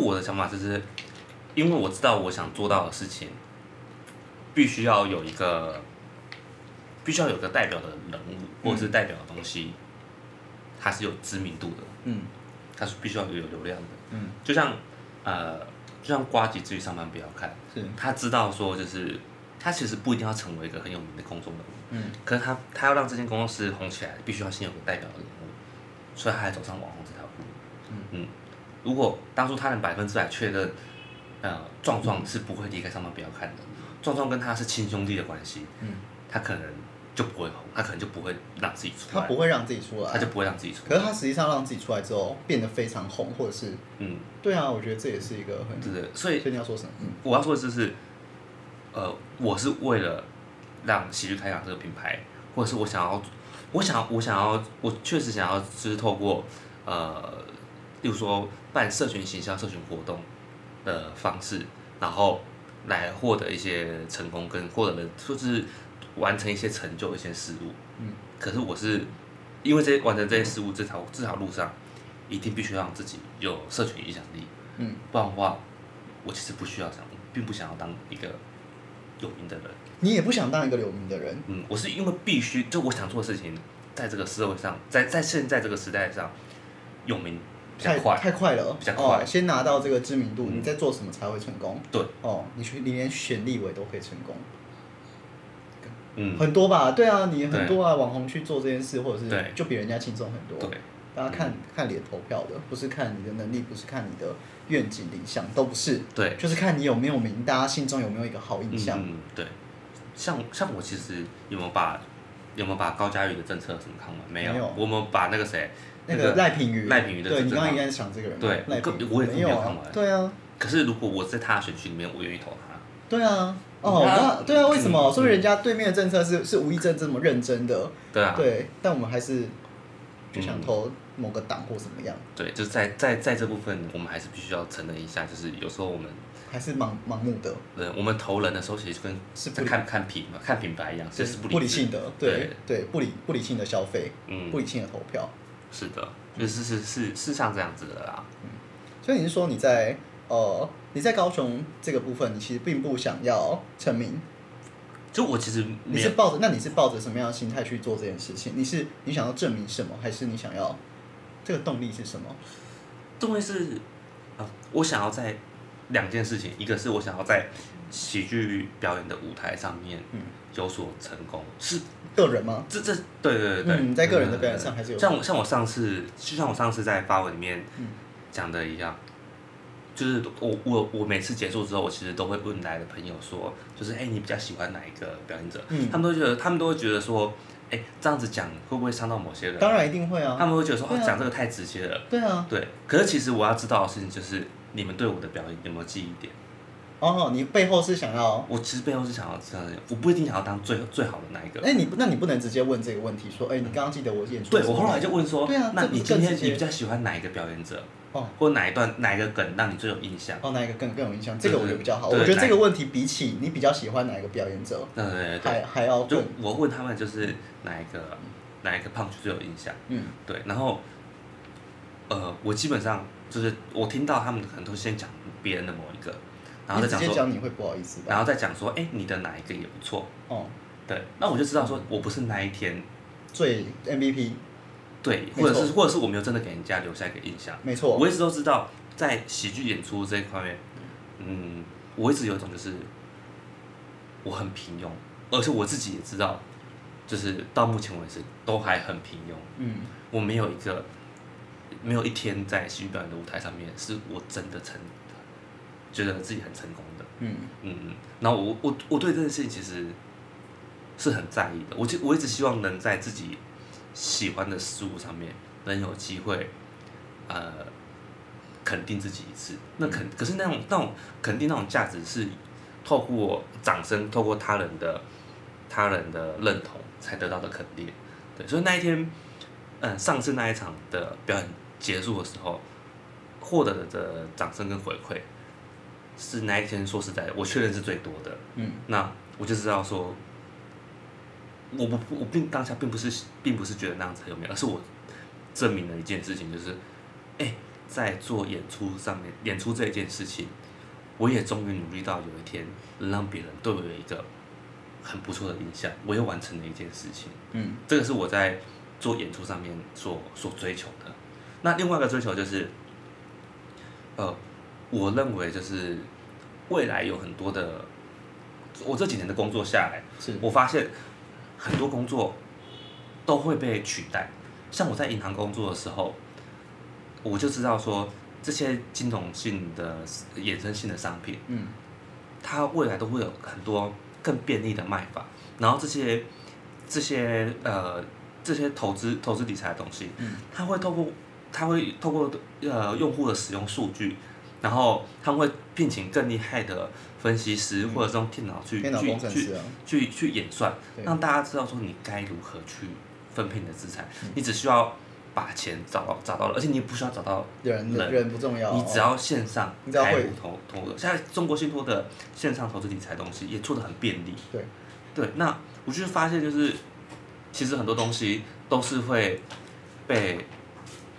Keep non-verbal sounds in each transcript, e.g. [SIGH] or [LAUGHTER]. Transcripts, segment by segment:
我的想法就是，因為我知道我想做到的事情，必須要有一個，必須要有個代表的人物或者是代表的東西，他是有知名度的，它，他是必須要有流量的，嗯、就像呃，就像呱吉之於上班不要看，他知道說就是他其實不一定要成為一個很有名的公眾人物，嗯、可是他他要讓這間工作室紅起來，必須要先有個代表的人物，所以他才走上網紅這條路，嗯。嗯如果當初他能百分之百確認，呃，壯壯是不會離開上面不要看的。壯、嗯、壯跟他是親兄弟的關係、嗯，他可能就不會紅，他可能就不會讓自己出來。他不會讓自己出來。他就不會讓自己出來。可是他實際上讓自己出來之後，變得非常紅，或者是嗯，對啊，我覺得這也是一個很。對，所以所以你要說什麼？嗯、我要說的就是，呃，我是為了讓喜劇開港這個品牌，或者是我想要，我想要，我想要，我確實想要，就是透過呃。比如說辦社群行銷、社群活動的方式，然後來獲得一些成功，跟獲得的就是完成一些成就，一些事物。嗯，可是我是因為這些完成這些事物，這條這條路上一定必須讓自己有社群影響力。嗯，不然的話，我其實不需要這樣，並不想要當一個有名的人。你也不想當一個有名的人。嗯，我是因為必須，就我想做的事情，在這個社會上，在在現在這個時代上有名。太太快了快哦！先拿到這個知名度，嗯，你再做什麼才會成功？對哦，你去你連選立委都可以成功。嗯，很多吧？對啊，你很多啊，網紅去做這件事，或者是就比人家輕鬆很多。對，大家看看臉、嗯、投票的，不是看你的能力，不是看你的願景理想，都不是。對，就是看你有沒有名，大家心中有沒有一個好印象。嗯，對。像像我其實有沒有把有沒有把高嘉瑜的政策什麼看完？沒有，沒有我們把那個誰。那個賴品妤賴品妤的對，你剛剛應該是想這個人。對，賴我，我也沒有看完有、啊。對啊。可是如果我在他的選區裡面，我願意投他。對啊，哦，嗯、那對啊，對啊、嗯，為什麼、嗯？所以人家對面的政策是是吳益政這麼認真的。對啊。對，但我們還是就想投某個黨或怎麼樣。對，就在在在，在這部分，我們還是必須要承認一下，就是有時候我們還是盲盲目的。我們投人的時候，其實跟看是看看品、看品牌一樣，這是不理不理性的。對對，對，不理不理性的消費，嗯，不理性的投票。是的，就是是是是像這樣子的啦。嗯，所以你是說你在呃你在高雄這個部分，你其實並不想要成名。就我其實你是抱着那你是抱着什麼樣的心態去做這件事情？你是你想要證明什麼？還是你想要這個動力是什麼？動力是啊，我想要在兩件事情，嗯，一個是我想要在喜劇表演的舞台上面嗯有所成功，嗯，是。個人嗎？這這對對對，你、嗯、在個人的表演上還是有、嗯，像我像我上次，就像我上次在發文裡面講的一樣，嗯、就是我我我每次結束之後，我其實都會問來的朋友說，就是哎、欸，你比較喜歡哪一個表演者、嗯？他們都覺得，他們都會覺得說，哎、欸，這樣子講會不會傷到某些人？當然一定會啊，他們會覺得說，哦，講這個太直接了。對啊，對。可是其實我要知道的事情就是，你們對我的表演有沒有記憶點？哦、oh，你背後是想要？我其實背後是想要這樣，我不一定想要當最最好的那一個。哎，你那你不能直接問這個問題，說，哎，你剛剛記得我演出？出。對我後來就問說，對啊，那你今天你比較，你比較喜歡哪一個表演者？哦，或哪一段哪一個梗讓你最有印象？哦，哪一個梗更，更有印象？就是、這個我覺得比較好，我覺得這個問題比起你比較喜歡哪一個表演者，對對對對還還要就我問他們就是哪一個哪一個胖 u 最有印象？嗯，對，然後呃，我基本上就是我聽到他們可能都先講別人的某一個。然後再講說，然後再講說，哎，你的哪一個也不錯。哦，對，那我就知道說，我不是那一天最 MVP，對，或者是或者是我沒有真的給人家留下一個印象。沒錯，我一直都知道，在喜劇演出這一方面，嗯，嗯，我一直有一種就是我很平庸，而且我自己也知道，就是到目前為止都還很平庸。嗯，我沒有一個沒有一天在喜劇表演的舞台上面是我真的成。覺得自己很成功的，嗯嗯嗯。然後我我我對這件事情其實是很在意的。我就我一直希望能在自己喜歡的事物上面能有機會，呃，肯定自己一次。那肯、嗯、可是那種那種肯定，那種價值是透過掌聲、透過他人的他人的認同才得到的肯定。對，所以那一天，嗯、呃，上次那一場的表演結束的時候，獲得的掌聲跟回饋。是哪一天？說實在的，我確認是最多的。嗯，那我就知道說，我不，我並當下並不是，並不是覺得那樣子很有名，而是我證明了一件事情，就是，哎、欸，在做演出上面，演出這一件事情，我也終於努力到有一天能讓別人對我有一個很不錯的印象，我又完成了一件事情。嗯，這個是我在做演出上面所所追求的。那另外一個追求就是，呃。我認為就是未來有很多的，我這幾年的工作下來，是我發現很多工作都會被取代。像我在銀行工作的時候，我就知道說這些金融性的衍生性的商品，它未來都會有很多更便利的賣法。然後這些這些呃這些投資投資理財的東西它，它會透過它會透過呃用戶的使用數據。然後他們會聘請更厲害的分析師，或者是用電腦去、嗯、去、電腦工程師啊、去去去演算，讓大家知道說你該如何去分配你的資產。嗯、你只需要把錢找到找到了，而且你也不需要找到人，人，人不重要，你只要線上開通投投。現在中國信託的線上投資理財東西也做的很便利。對對，那我就發現就是，其實很多東西都是會被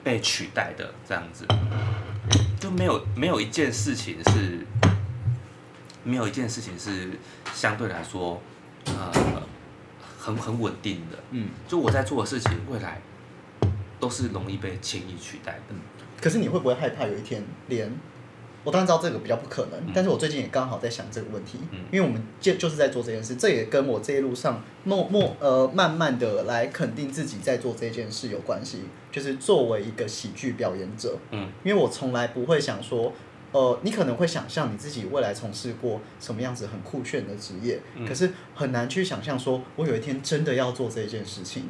被取代的這樣子。就沒有沒有一件事情是，沒有一件事情是相對來說，呃，很很穩定的。嗯，就我在做的事情，未來都是容易被輕易取代的。嗯，可是你會不會害怕有一天連？我當然知道這個比較不可能，但是我最近也剛好在想這個問題，因為我們就就是在做這件事，這也跟我這一路上，默默呃慢慢的來肯定自己在做這件事有關係。就是作為一個喜劇表演者，嗯，因為我從來不會想說，呃，你可能會想象你自己未來從事過什麼樣子很酷炫的職業，可是很難去想象說我有一天真的要做這件事情。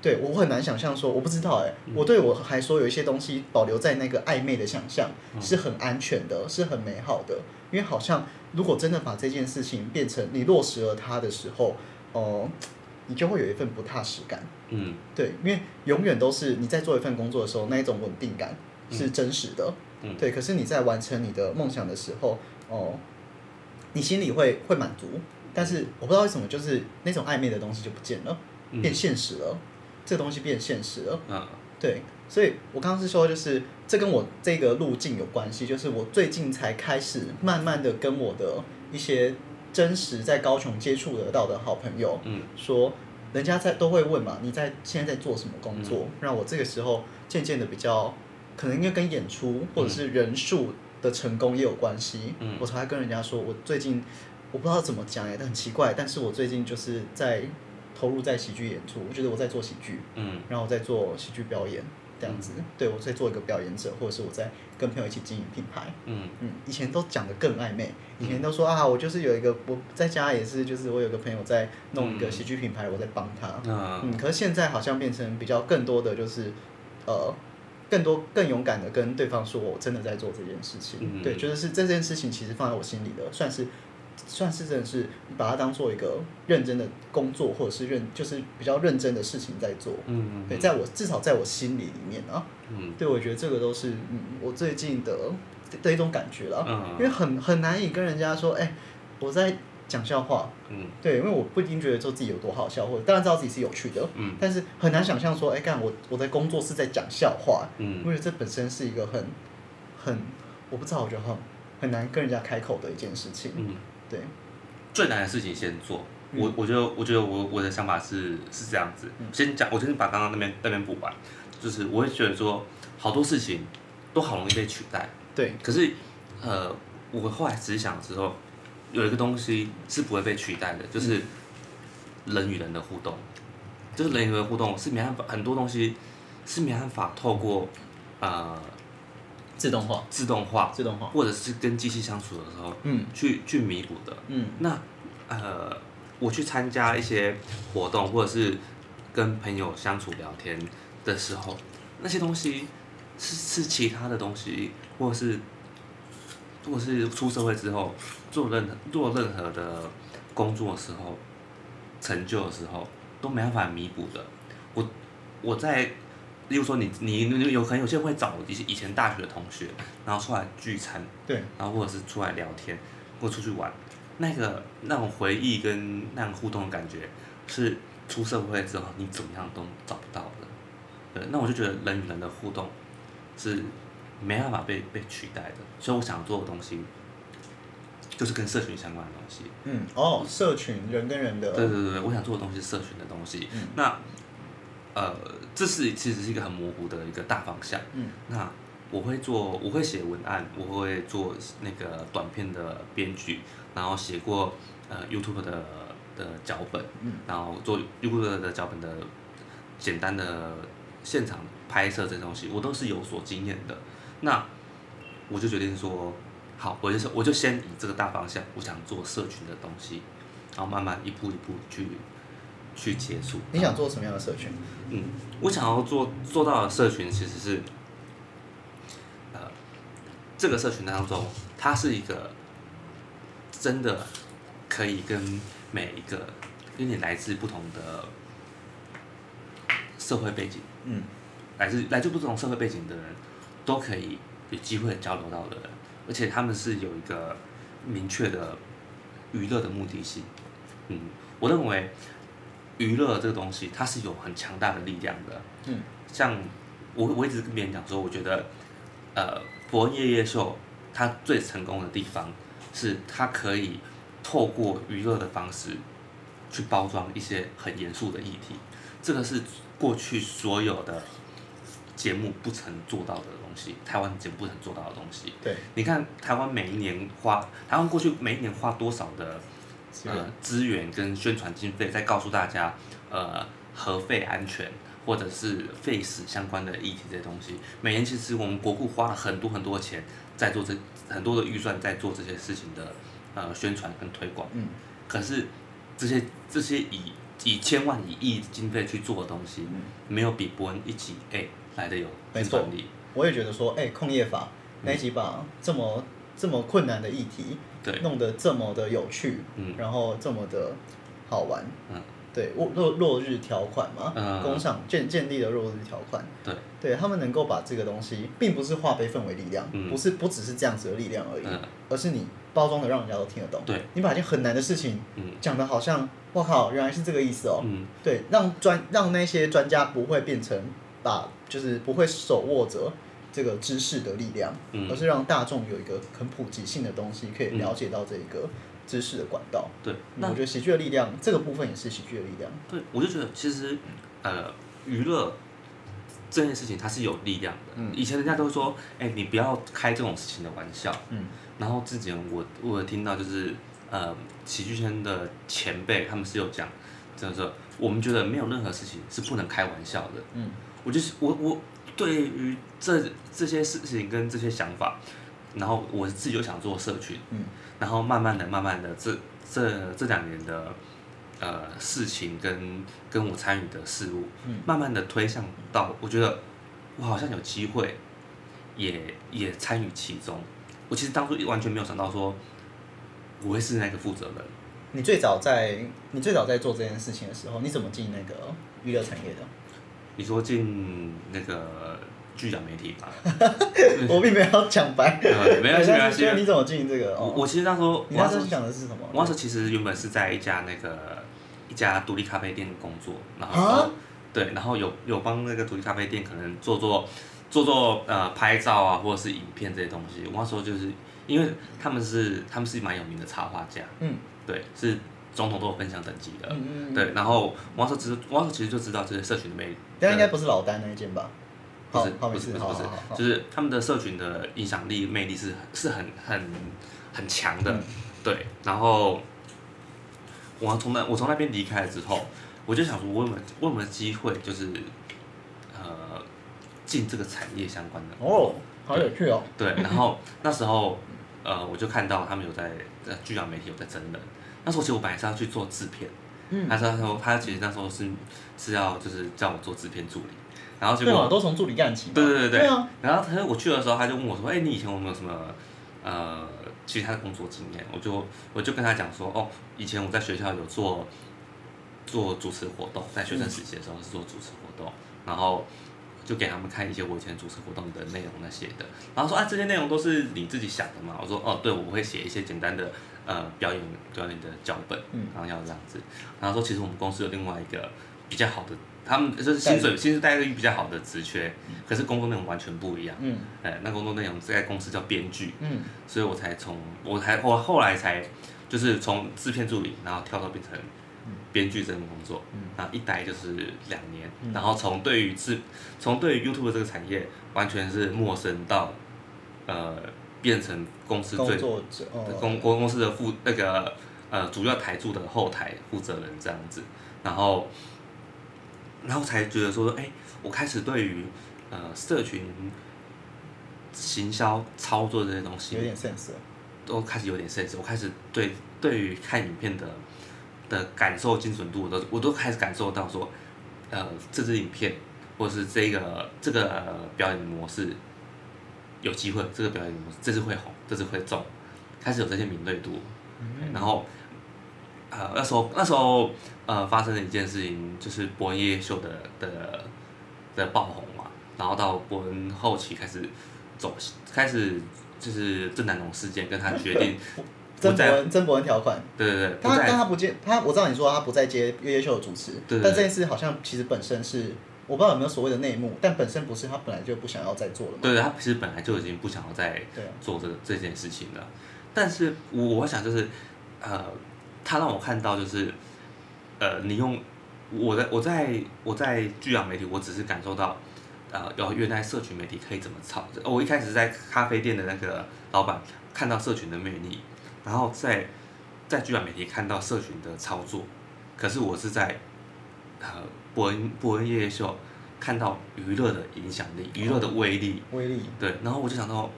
對，我很難想象，說，說我不知道、欸，誒、嗯，我對我還說有一些東西保留在那個曖昧的想象、嗯、是很安全的，是很美好的，因為好像如果真的把這件事情變成你落實了它的時候，哦、呃，你就會有一份不踏實感。嗯，對，因為永遠都是你在做一份工作的時候，那一種穩定感是真實的。嗯、對，可是你在完成你的夢想的時候，哦、呃，你心裡會會滿足，但是我不知道為什麼，就是那種曖昧的東西就不見了，嗯、變現實了。這個、東西變現實了，嗯、啊，對，所以我剛剛是說，就是這跟我這個路徑有關係，就是我最近才開始慢慢的跟我的一些真實在高雄接觸得到的好朋友，嗯，說人家在都會問嘛，你在現在在做什麼工作，嗯？讓我這個時候漸漸的比較，可能應該跟演出或者是人數的成功也有關係，嗯，我才跟人家說我最近，我不知道怎麼講欸，但很奇怪，但是我最近就是在。投入在喜劇演出，我覺得我在做喜劇，嗯，然後我在做喜劇表演，這樣子，嗯、對，我在做一個表演者，或者是我在跟朋友一起經營品牌，嗯，嗯，以前都講得更曖昧，以前都說、嗯、啊，我就是有一個我在家也是，就是我有個朋友在弄一個喜劇品牌、嗯，我在幫他嗯，嗯，可是現在好像變成比較更多的就是，呃，更多更勇敢的跟對方說我真的在做這件事情、嗯，對，就是這件事情其實放在我心裡的算是。算是真的是把它當做一個認真的工作，或者是認就是比較認真的事情在做。嗯，嗯，嗯對，在我至少在我心裡裡面啊。嗯。對，我覺得這個都是嗯我最近的的、的一種感覺了。嗯。因為很很難以跟人家說，哎、欸，我在講笑話。嗯。對，因為我不一定覺得說自己有多好笑，或者當然知道自己是有趣的。嗯。但是很難想象說，哎、欸，幹我我在工作是在講笑話。嗯。我覺得這本身是一個很很我不知道，我覺得很很、很難跟人家開口的一件事情。嗯。對，最難的事情先做。我我覺得，我覺得我我的想法是是這樣子，嗯。先講，我先把剛剛那邊那邊補完。就是我會覺得說，好多事情都好容易被取代。對，可是呃，我後來仔細想的時候有一個東西是不會被取代的，就是人與人的互動，嗯。就是人與人的互動是沒辦法，很多東西是沒辦法透過啊。呃自動化，自動化，自動化，或者是跟機器相處的時候，嗯，去去彌補的，嗯，那呃，我去參加一些活動，或者是跟朋友相處聊天的時候，那些東西是是其他的東西，或者是，如果是出社會之後做任何做任何的工作的時候，成就的時候都沒辦法彌補的，我我在。例如說你，你你有可能有些會找一些以前大學的同學，然後出來聚餐，對，然後或者是出來聊天，或出去玩，那個那種回憶跟那樣互動的感覺，是出社會之後你怎麼樣都找不到的。對，那我就覺得人與人的互動是沒辦法被被取代的，所以我想做的東西就是跟社群相關的東西。嗯，哦，社群，人跟人的。對對對對，我想做的東西是社群的東西。嗯，那。呃，這是其實是一個很模糊的一個大方向。嗯，那我會做，我會寫文案，我會做那個短片的編劇，然後寫過呃 YouTube 的的腳本，嗯，然後做 YouTube 的腳本的簡單的現場拍攝這些東西，我都是有所經驗的。那我就決定說，好，我就我就先以這個大方向，我想做社群的東西，然後慢慢一步一步去。去接觸。你想做什麼樣的社群？嗯，我想要做做到的社群其實是，呃，這個社群當中，它是一個真的可以跟每一個跟你來自不同的社會背景，嗯，來自來自不同社會背景的人，都可以有機會交流到的人，而且他們是有一個明確的娛樂的目的性。嗯，我認為。娛樂這個東西，它是有很強大的力量的。嗯，像我我一直跟別人講說，我覺得，呃，《博恩夜夜秀》它最成功的地方，是它可以透過娛樂的方式，去包裝一些很嚴肅的議題。這個是過去所有的節目不曾做到的東西，台灣節目不曾做到的東西。對，你看台灣每一年花，台灣過去每一年花多少的。呃，資源跟宣傳經費在告訴大家，呃，核廢安全或者是廢死相關的議題這些東西，每年其實我們國庫花了很多很多錢在做這很多的預算，在做這些事情的呃宣傳跟推廣、嗯。可是這些這些以以千萬、以億的經費去做的東西，嗯、沒有比博恩一起哎、欸、來得有資本力。我也覺得說，哎、欸，控業法、哪企法這麼、嗯、這麼困難的議題，弄得這麼的有趣、嗯，然後這麼的好玩，啊、對，落落日條款嘛，啊、工廠建建立的落日條款，對，對，他們能夠把這個東西，並不是化悲憤為力量，嗯、不是不只是這樣子的力量而已、啊，而是你包裝的讓人家都聽得懂，對，你把一件很難的事情，講得好像，我、嗯、靠，原來是這個意思哦，嗯、對，讓專讓那些專家不會變成把，就是不會手握着。這個知識的力量，而是讓大眾有一個很普及性的東西，可以了解到這一個知識的管道、嗯。對，那我覺得喜劇的力量，這個部分也是喜劇的力量。對，我就覺得其實，呃，娛樂這件事情它是有力量的。嗯，以前人家都說，哎、欸，你不要開這種事情的玩笑。嗯，然後之前我我聽到就是，呃，喜劇圈的前輩他們是有講，就是說我們覺得沒有任何事情是不能開玩笑的。嗯，我就是我我。我對於這這些事情跟這些想法，然後我自己就想做社群，嗯，然後慢慢的、慢慢的，這這這兩年的呃事情跟跟我參與的事物、嗯、慢慢的推向到，我覺得我好像有機會也，也也參與其中。我其實當初完全沒有想到說我會是那個負責人。你最早在你最早在做這件事情的時候，你怎麼進那個娛樂產業的？你說進那個巨匠媒體吧。 [LAUGHS] 我並沒有講白、 [LAUGHS] 嗯，沒關係沒關係。所以你怎麼進這個我？我其實那時候，你那時候講的是什麼？我那時候其實原本是在一家那個一家獨立咖啡店工作，然後、啊嗯、對，然後有有幫那個獨立咖啡店可能做做做做呃拍照啊，或者是影片這些東西。我那時候就是因為他們是他們是蠻有名的插畫家，嗯，對是。總統都有分享等級的。嗯嗯嗯、對，然後王叔其實王叔其實就知道這些社群的魅力。那應該不是老丹那一件吧？不是，不是，不是，不是，就是他們的社群的影響力、魅力是是很很很強的，嗯。對，然後我從那我從那邊離開了之後，我就想說我有有，我有沒我有沒有機會，就是呃進這個產業相關的？哦，好有趣哦。對，嗯、對然後、嗯、那時候呃，我就看到他們有在在聚陽媒體有在爭論。那時候其實我本來是要去做製片、嗯，他說他他其實那時候是是要就是叫我做製片助理，然後結果對我、哦、都從助理幹起對對對對。對啊、然後他我去的時候他就問我說：“哎、欸，你以前有沒有什麼呃其他的工作經驗？”我就我就跟他講說：“哦，以前我在學校有做做主持活動，在學生時期的時候是做主持活動，嗯、然後就給他們看一些我以前主持活動的內容那些的。然後說：“哎、啊，這些內容都是你自己想的嘛。”我說：“哦，對，我會寫一些簡單的。”呃，表演表演的腳本、嗯，然後要這樣子。然後說，其實我們公司有另外一個比較好的，他們就是薪水薪水待遇比較好的職缺、嗯，可是工作內容完全不一樣。哎、嗯呃，那工作內容在公司叫編劇。嗯、所以我才從，我才我後來才就是從製片助理，然後跳到變成編劇這種工作。嗯、然後一待就是兩年、嗯，然後從對於自從對於 YouTube 這個產業完全是陌生到，呃。變成公司最、哦、公公司的負那個呃主要台柱的後台負責人這樣子，然後然後才覺得說，哎、欸，我開始對於呃社群行銷操作的這些東西有點 sense，都開始有點 sense。我開始對對於看影片的的感受精準度，我都我都開始感受到說，呃，這支影片或是這個這個表演模式。有機會，這個表演這次會紅，這次會中，開始有這些敏銳度、嗯。然後，啊、呃，那時候那時候呃發生了一件事情，就是博恩夜夜秀的的的爆紅嘛，然後到博恩後期開始走，開始就是鄭南榕事件跟他決定，曾博恩曾博恩條款。對對對，他，他但他不接他，我知道你說他不再接夜夜秀的主持，但這件事好像其實本身是。我不知道有沒有所謂的內幕，但本身不是，他本來就不想要再做了。對，他其實本來就已經不想要再做這、啊、這件事情了。但是我，我我想就是，呃，他讓我看到就是，呃，你用，我的，我在我在我在巨量媒體，我只是感受到，呃，要原來社群媒體可以怎麼操作。我一開始在咖啡店的那個老闆看到社群的魅力，然後在在巨量媒體看到社群的操作，可是我是在，呃。博恩博恩夜夜秀，看到娛樂的影響力，娛樂的威力，哦，威力，對。然後我就想到，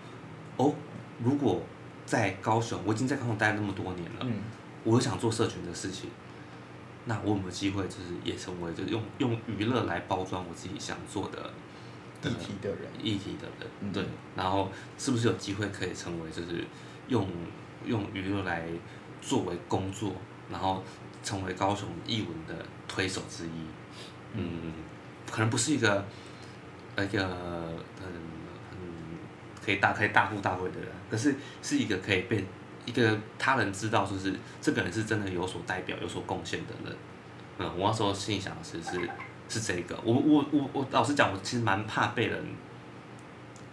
哦，如果在高雄，我已經在高雄待那麼多年了，嗯、我想做社群的事情，那我有沒有機會，就是也成為，就是用用娛樂來包裝我自己想做的議題的，的人，議題的人，對、嗯。然後是不是有機會可以成為，就是用用娛樂來作為工作，然後成為高雄藝文的推手之一？嗯，可能不是一個那、呃、個很、呃嗯、可以大可以大富大貴的人，可是是一個可以被一個他人知道，就是這個人是真的有所代表、有所貢獻的人。嗯，我那時候心裡想的是是是這個，我我我我老實講，我其實蠻怕被人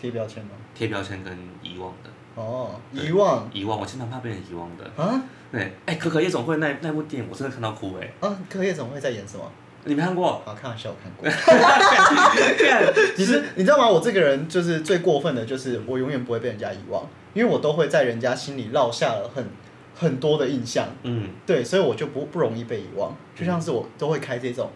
貼標籤的，貼標籤跟遺忘的。哦，遺忘遺忘，我其實蠻怕被人遺忘的啊。對，哎、欸，可可夜總會那那部電影，我真的看到哭哎、欸。啊，可可夜總會在演什麼？你沒看過？好，開玩笑，我看過。其 [LAUGHS] 實你，你知道嗎？我這個人就是最過分的，就是我永遠不會被人家遺忘，因為我都會在人家心裡烙下了很很多的印象。嗯，對，所以我就不不容易被遺忘。就像是我都會開這種。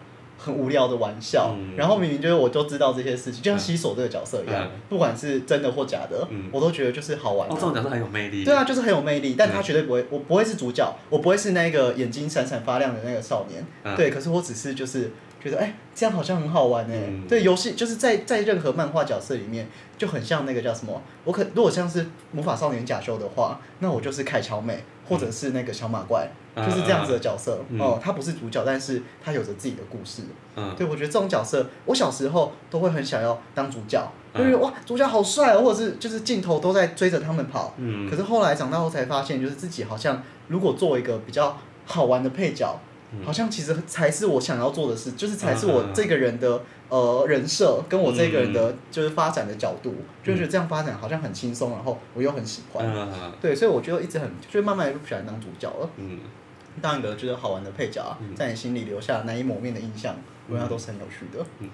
很無聊的玩笑、嗯，然後明明就是我都知道這些事情，嗯、就像西索這個角色一樣、嗯，不管是真的或假的，嗯、我都覺得就是好玩、啊。哦，這種、個、角色很有魅力。對啊，就是很有魅力，但他絕對不會，我不會是主角，我不會是那個眼睛閃閃發亮的那個少年。嗯、對，可是我只是就是。覺得哎、欸，這樣好像很好玩哎、嗯。對，遊戲就是在在任何漫畫角色裡面就很像那個叫什麼？我可如果像是魔法少年賈修的話，那我就是凱喬美或者是那個小馬怪，嗯、就是這樣子的角色、嗯嗯、哦。他不是主角，但是他有着自己的故事、嗯。對，我覺得這種角色，我小時候都會很想要當主角，嗯，因為哇，主角好帥、哦，或者是就是鏡頭都在追着他們跑。嗯。可是後來長大後才發現，就是自己好像如果做一個比較好玩的配角。好像其實才是我想要做的事，就是才是我這個人的、嗯、呃人設，跟我這個人的、嗯、就是發展的角度，嗯、就是這樣發展好像很輕鬆，然後我又很喜歡、嗯，對，所以我覺得一直很，就慢慢不喜歡當主角了，嗯，當一個覺得好玩的配角啊，嗯、在你心裡留下難以磨滅的印象，我、嗯、想都是很有趣的，嗯，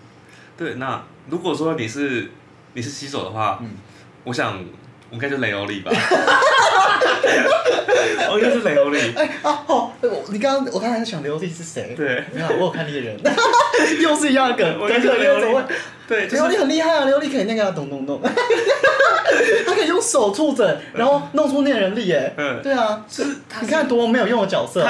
對，那如果說你是你是新手的話，嗯，我想我應該就雷歐力吧。 [LAUGHS] 啊我欸啊、哦，又是雷歐力！哎啊，好，你剛剛我剛才在想雷歐力是誰？對，你看、啊、我有看獵人， [LAUGHS] 又是一樣的梗，我感覺又怎麼會？對，就是、雷歐力很厲害啊，雷歐力可以那個、啊，咚咚咚， [LAUGHS] 他可以用手觸診，然後弄出念人力，哎、嗯嗯，對啊，是，他是你看多麼沒有用的角色，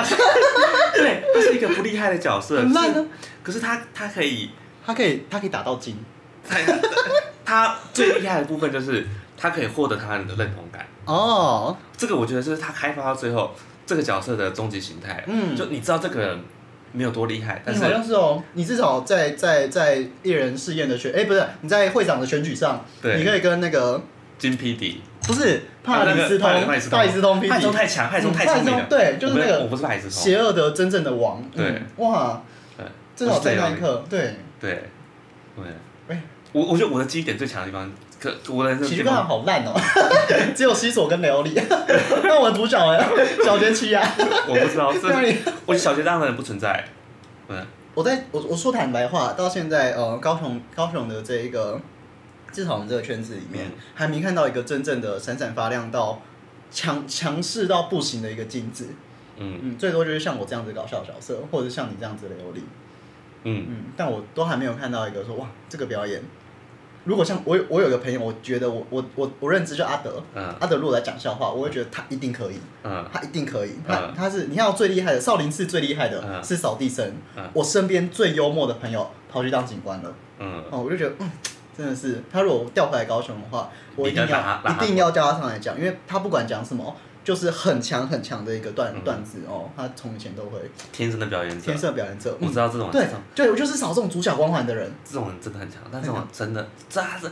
對，他是一個不厲害的角色，很爛呢、啊就是。可是他他可以，他可以他可以打到金， [LAUGHS] 他最厲害的部分就是他可以獲得他人的認同感哦，， [LAUGHS] 這個我覺得就是他開發到最後這個角色的終極形態。嗯，就你知道這個人沒有多厲害，但是好、嗯、像是哦、喔，你至少在在在獵人試驗的選，哎、欸，不是，你在會長的選舉上，對，你可以跟那個金皮迪不是帕里斯通，啊那個、帕里斯通，帕里斯通，帕里斯通、帕里斯通太強，帕里斯通太聰明、嗯，對，就是那個我，我不是帕里斯通，邪惡的真正的王，對，嗯、哇，對，至少在那一刻，對，對，對。對我我覺得我的記憶點最強的地方，可我的其實剛好好爛哦呵呵，只有西索跟雷歐力，那 [LAUGHS] 我主角哎，小傑奇犽啊， [LAUGHS] 我不知道我覺得小傑當然不存在，嗯、我在我我說坦白話，到現在呃，高雄高雄的這一個至少我們這個圈子裡面、嗯，還沒看到一個真正的閃閃發亮到強強勢到不行的一個鏡子，嗯嗯，最多就是像我這樣子搞笑的角色，或者是像你這樣子雷歐力，嗯嗯，但我都還沒有看到一個說，哇，這個表演。如果像我有我有一個朋友，我覺得我我我我認知就阿德、嗯，阿德如果來講笑話，我會覺得他一定可以，嗯、他一定可以，嗯、他他是你看我最厲害的少林寺最厲害的是掃地僧、嗯，我身邊最幽默的朋友跑去當警官了，嗯、我就覺得、嗯、真的是他如果調回來高雄的話，我一定要一定要叫他上來講，因為他不管講什麼。就是很強很強的一個段段子、嗯、哦，他從以前都會天生的表演者，天生的表演者，不、嗯、知道這種對這種對，我就是少這種主角光環的人，這種人真的很強，但這種人真的，渣、嗯、子。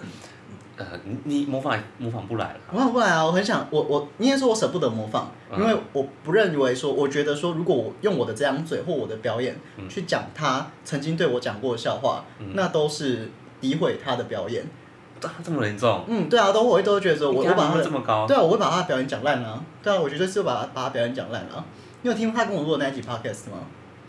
呃，你模仿模仿不來了，模仿不來啊，我很想我我，你也說我舍不得模仿，因為我不認為說，我覺得說，如果我用我的這張嘴或我的表演、嗯、去講他曾經對我講過的笑話，嗯、那都是詆毀他的表演。這麼嚴重！嗯，對啊，都會都會覺得說我，我、啊、我把他這麼高，對啊，我會把他表演講爛啊，對啊，我覺得是把把他表演講爛啊。你有聽他跟我做的那一集 podcast 嗎？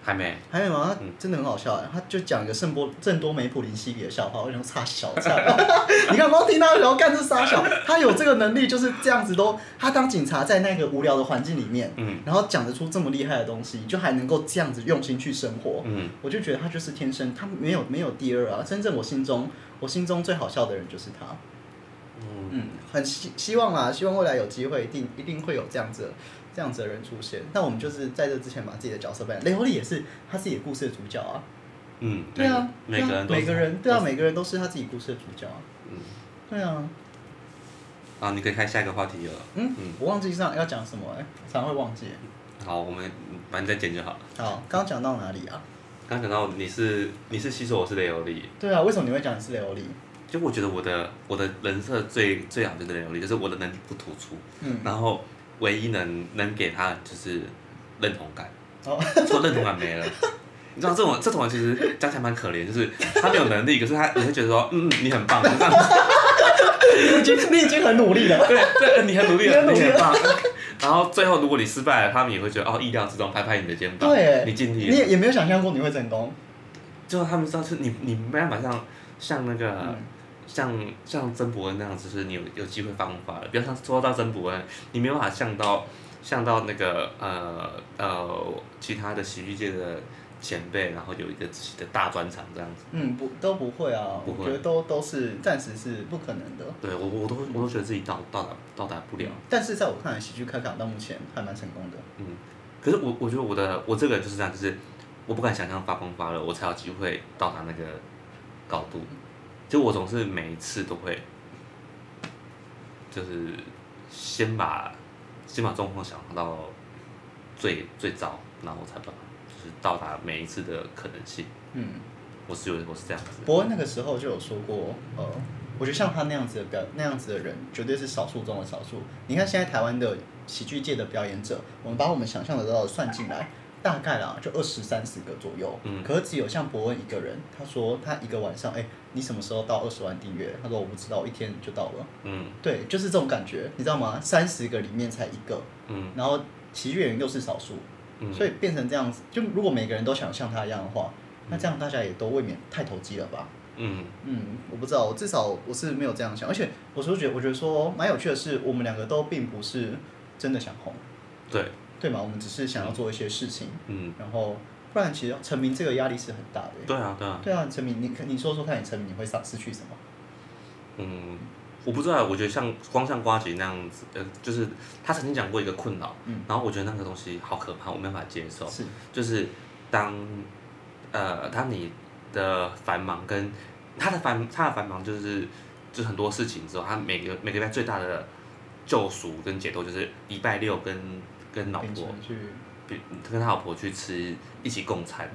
還沒，還沒嗎？真的很好笑。嗯、他就講一個聖波多美普林西比的笑話，為什麼差，小差，小差小， [LAUGHS] 笑你看光聽到，時候乾這傻笑，他有這個能力，就是這樣子都，他當警察在那個無聊的環境裡面，嗯、然後講得出這麼厲害的東西，就還能夠這樣子用心去生活、嗯，我就覺得他就是天生，他沒有沒有第二啊！真正我心中我心中最好笑的人就是他，嗯嗯，很希希望啊，希望未來有機會，一定一定會有這樣子。這樣子的人出現，那我們就是在這之前把自己的角色扮演。雷歐力也是他自己的故事的主角啊。嗯，對啊，每,啊每個人每個人對啊都，每個人都是他自己故事的主角啊。嗯，對啊。啊，你可以看下一個話題了。嗯，嗯我忘記上要講什麼，哎，常常會忘記。好，我們把你再剪就好了。好，剛剛講到哪裡啊？剛剛講到你是你是西索，我是雷歐力。對啊，為什麼你會講你是雷歐力？就我覺得我的我的人設最最好就是雷歐力，就是我的能力不突出。嗯，然後。唯一能能給他就是認同感，哦、說認同感沒了，你知道這種這種人其實家強蠻可憐，就是他沒有能力，可是他你會覺得說，嗯，你很棒， [LAUGHS] 你已經你已經很努力了， [LAUGHS] 對對，你很努力了，你很努力了，你很棒。 [LAUGHS] 然後最後如果你失敗了，他們也會覺得哦，意料之中，拍拍你的肩膀，你盡力。你也沒有想象過你會成功，就是他們知道是你你沒辦法像像那個。嗯像像曾博恩那樣子，就是你有有機會發光發熱。比如像說到曾博恩，你沒有辦法像到像到那個呃呃其他的喜劇界的前輩，然後有一個自己的大專場這樣子。嗯，不，都不會啊，不會啊，我覺得都都是暫時是不可能的。對，我我都我都覺得自己到到達到達不了。但是在我看來，喜劇開港到目前還蠻成功的。嗯，可是我我覺得我的我這個人就是這樣，就是我不敢想象發光發熱，我才有機會到達那個高度。就我總是每一次都會，就是先把先把狀況想到最最糟，然後才把就是到達每一次的可能性。嗯，我是有我是這樣子的。博恩那個時候就有說過，呃，我覺得像他那樣子的表那樣子的人，絕對是少數中的少數。你看現在台灣的喜劇界的表演者，我們把我們想象得到的都算進來，大概啦就二十三四個左右。嗯，可是只有像博恩一個人，他說他一個晚上哎。欸你什麼時候到二十萬訂閱？他說我不知道，一天就到了。嗯，對，就是這種感覺，你知道嗎？三十個裡面才一個。嗯，然後其餘人又是少數。嗯，所以變成這樣子，就如果每個人都想像他一樣的話，那這樣大家也都未免太投機了吧？嗯嗯，我不知道，我至少我是沒有這樣想，而且我是覺得，我覺得說蠻有趣的是，我們兩個都並不是真的想紅。對對嘛，我們只是想要做一些事情。嗯，然後。不然其實成名這個壓力是很大的。對啊，對啊。對啊，成名，你，你說說看，你成名你會失去什麼？嗯，我不知道，我覺得像光像呱吉那樣子，呃，就是他曾經講過一個困擾，嗯，然後我覺得那個東西好可怕，我沒辦法接受。是。就是當，呃，當你的繁忙跟他的繁他的繁忙就是就是很多事情之後，他每個每個禮拜最大的救贖跟解脫就是禮拜六跟跟老婆。他跟他老婆去吃，一起共餐，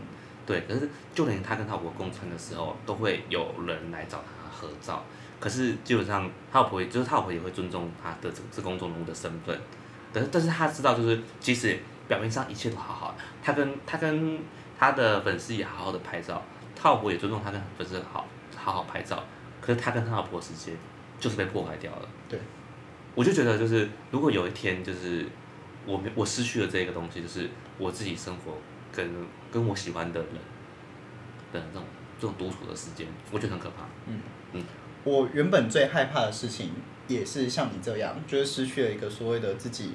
對。可是就連他跟他老婆共餐的時候，都會有人來找他合照。可是基本上他老婆也，就是他老婆也會尊重他的這個公眾人物的身份。可是，但是他知道，就是即使表面上一切都好好，他跟他跟他的粉絲也好好的拍照，他老婆也尊重他跟粉絲好好好拍照。可是他跟他老婆之間，就是被破壞掉了。對，我就覺得就是如果有一天就是。我我失去了這個東西，就是我自己生活跟跟我喜歡的人的這種這種獨處的時間，我覺得很可怕。嗯嗯，我原本最害怕的事情也是像你這樣，就是失去了一個所謂的自己。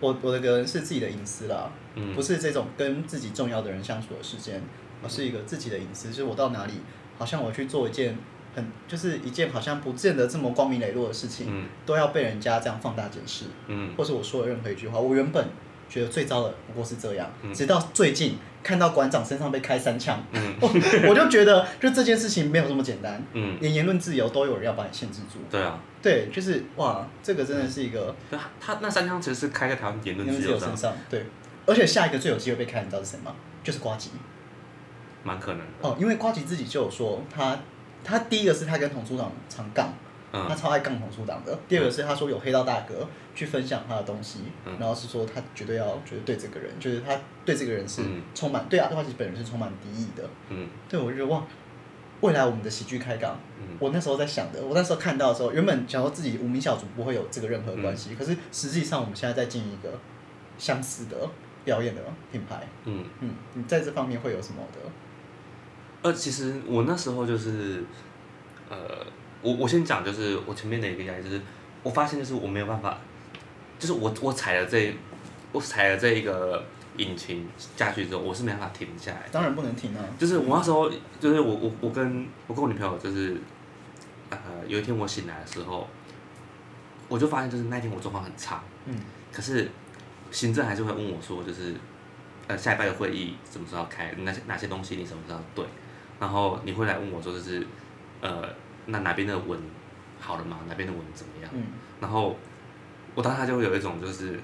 我我的個人是自己的隱私啦，嗯，不是這種跟自己重要的人相處的時間，而是一個自己的隱私，就是我到哪裡，好像我去做一件。很就是一件好像不見得這麼光明磊落的事情，嗯、都要被人家這樣放大解釋，嗯、或是我說的任何一句話，我原本覺得最糟的不過是這樣。嗯、直到最近看到館長身上被開三槍，嗯、我， [LAUGHS] 我就覺得就這件事情沒有這麼簡單、嗯，連言論自由都有人要把你限制住。對啊，對，就是哇，這個真的是一個。嗯、他，他那三槍只是開在他們言，言論自由身上，對。而且下一個最有機會被開，你知道是誰嗎？就是呱吉，蠻可能哦，因為呱吉自己就有說他。他第一個是他跟董事長唱槓，啊，他超愛槓董事長的。嗯、第二個是他說有黑道大哥去分享他的東西，嗯，然後是說他絕對要絕對對這個人，就是他對這個人是充滿對啊，對花奇本人是充滿敵意的。嗯，對我就得未來我們的喜劇開港，嗯，我那時候在想的，我那時候看到的時候，原本想說自己無名小卒不會有這個任何關係，嗯，可是實際上我們現在在進一個相似的表演的品牌嗯。嗯，你在這方面會有什麼的？呃，其實我那時候就是，呃，我我先講，就是我前面的一個壓力就是，我發現就是我沒有辦法，就是我我踩了這，我踩了這一個引擎下去之後，我是沒辦法停下來。當然不能停啊。就是我那時候，就是我我我跟我跟我女朋友就是，呃，有一天我醒來的時候，我就發現就是那天我狀況很差。嗯。可是行政還是會問我說，就是，呃，下一班的會議什麼時候要開？哪些哪些東西你什麼時候要對？然後你會來問我說，就是，呃，那哪邊的文好了嗎？哪邊的文怎麼樣？嗯、然後我當時就會有一種就是，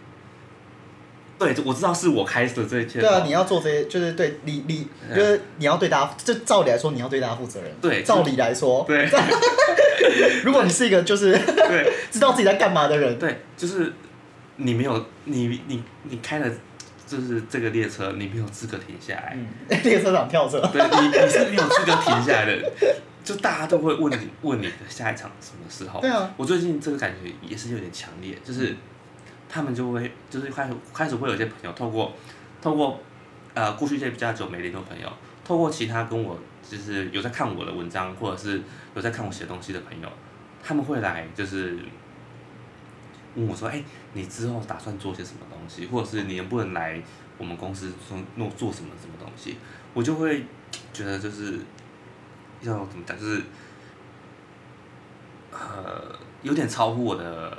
對，我知道是我開始的這一切。對啊，你要做這些，就是對，你你就是你要對大家對，就照理來說你要對大家負責任。對，照理來說。對。 [LAUGHS] [LAUGHS] 如果你是一個就是，對， [LAUGHS] 知道自己在幹嘛的人。對，就是你沒有你你你開了。就是這個列車，你沒有資格停下來、嗯。列車長跳車 [LAUGHS] 對，對你你是沒有資格停下來的。 [LAUGHS] 就大家都會問你問你的下一場什麼時候、對啊。我最近這個感覺也是有點強烈，就是他們就會就是開始開始會有一些朋友透，透過透過呃過去一些比較久沒聯絡朋友，透過其他跟我就是有在看我的文章，或者是有在看我寫東西的朋友，他們會來就是。問、嗯、我說：“哎、欸，你之後打算做些什麼東西？或者是你能不能來我們公司做弄做什麼什麼東西？”我就會覺得就是要怎麼講，就是呃，有點超乎我的。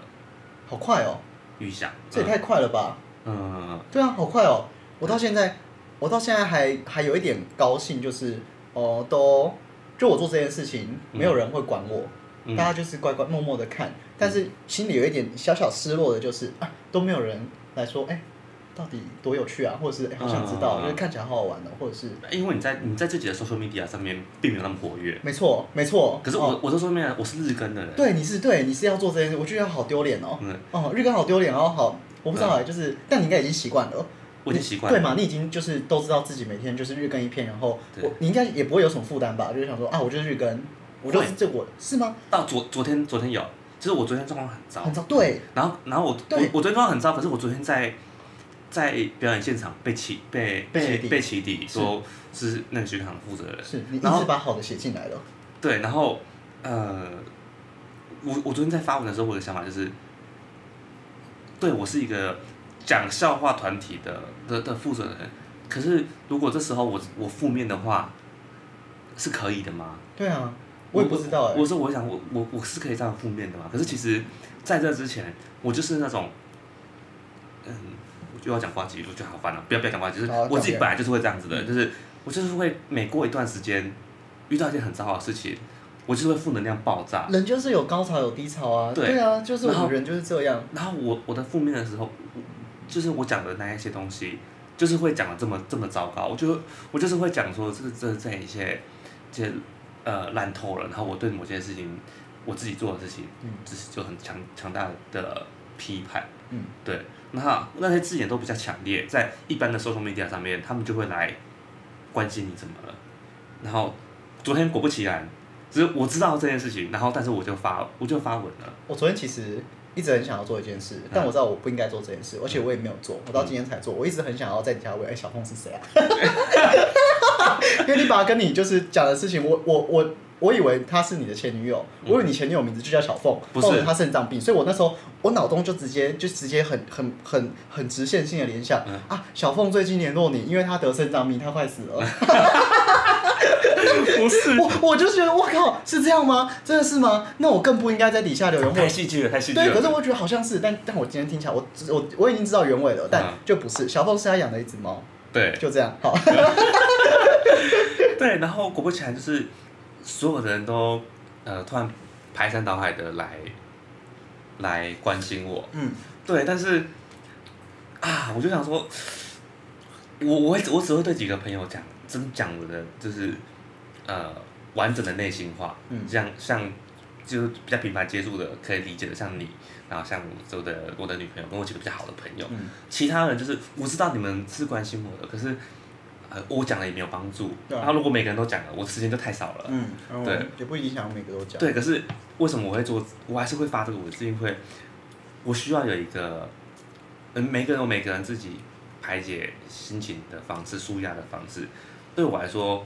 好快哦，預想，這也太快了吧？嗯，對啊，好快哦！我到現在，嗯、我到現在還還有一點高興，就是哦、呃，都就我做這件事情，沒有人會管我，嗯、大家就是乖乖默默的看。但是心裡有一點小小失落的，就是啊，都沒有人來說，哎、欸，到底多有趣啊，或者是哎、欸，好想知道、嗯，就是看起來好好玩的，或者是因為你在你在自己的 social media 上面並沒有那麼活躍，沒錯沒錯。可是我、哦、我就說上面我是日更的人。對你是對你是要做這件事，我覺得好丟臉哦，嗯、哦日更好丟臉哦好，我不知道哎、欸，就是但你應該已經習慣了，我已經習慣。對嘛，你已經就是都知道自己每天就是日更一片，然後我你應該也不會有什麼負擔吧？就是想說啊，我就是日更，我就是這我是嗎？到昨昨天昨天有。其實我昨天狀況很糟，很糟。對。然後，然後我我，我昨天狀況很糟，可是我昨天在在表演現場被起被被被起底，說是那個劇場負責人，是你，然後把好的寫進來了。對，然後呃，我我昨天在發文的時候，我的想法就是，對我是一個講笑話團體的的的，的負責人，可是如果這時候我我負面的話，是可以的嗎？對啊。我也不知道欸，我說，我想，我我我是可以這樣負面的嘛？可是其實，在這之前，我就是那種，嗯，我就要講話題我就好煩了。不要不要講話題就是，我自己本來就是會這樣子的，嗯、就是我就是會每過一段時間，遇到一件很糟糕的事情，我就是會負能量爆炸。人就是有高潮有低潮啊。對啊，就是人就是這樣。然後，然後我我的負面的時候，就是我講的那一些東西，就是會講的這麼這麼糟糕。我就我就是會講說，這這這一些這。呃，爛透了。然後我對某些事情，我自己做的事情，嗯，就是就很強強大的批判，嗯，對。那那些字眼都比較強烈，在一般的 social media 上面，他們就會來關心你怎麼了。然後昨天果不其然，只是我知道這件事情，然後但是我就發我就發文了。我昨天其實。一直很想要做一件事，但我知道我不應該做這件事、嗯，而且我也沒有做，我到今天才做。嗯、我一直很想要在底下問，哎、欸，小鳳是誰啊？ [LAUGHS] [LAUGHS] 因為你把他跟你就是講的事情，我我我我以為他是你的前女友、嗯，我以為你前女友名字就叫小鳳，不是他腎臟病，所以我那時候我腦中就直接就直接很很很很直線性的聯想、嗯、啊，小鳳最近聯絡你，因為她得腎臟病，她快死了。 [LAUGHS] 不是我，我就是覺得我靠，是這樣嗎？真的是嗎？那我更不應該在底下留言。太戲劇了，太戲劇了。對，可是我覺得好像是，但但我今天聽起來我，我我我已經知道原委了、嗯，但就不是，小鳳是他養的一隻貓，對，就這樣。好，對， [LAUGHS] 對然後果不其然，就是所有的人都呃突然排山倒海的來來關心我。嗯，對，但是啊，我就想說，我我我只會對幾個朋友講真講的，就是。呃，完整的內心話、嗯，像像，就是比較頻繁接觸的，可以理解的，像你，然後像我的我的，我的女朋友，跟我幾個比較好的朋友，嗯、其他人就是我知道你們是關心我的，可是，呃、我講了也沒有幫助、啊。然後如果每個人都講了，我的時間就太少了。嗯，對，嗯、也不影響每個人都講。對，可是為什麼我會做？我還是會發這個，我是因為我需要有一個，嗯、呃，每個人有每個人自己排解心情的方式、舒壓的方式，對我來說。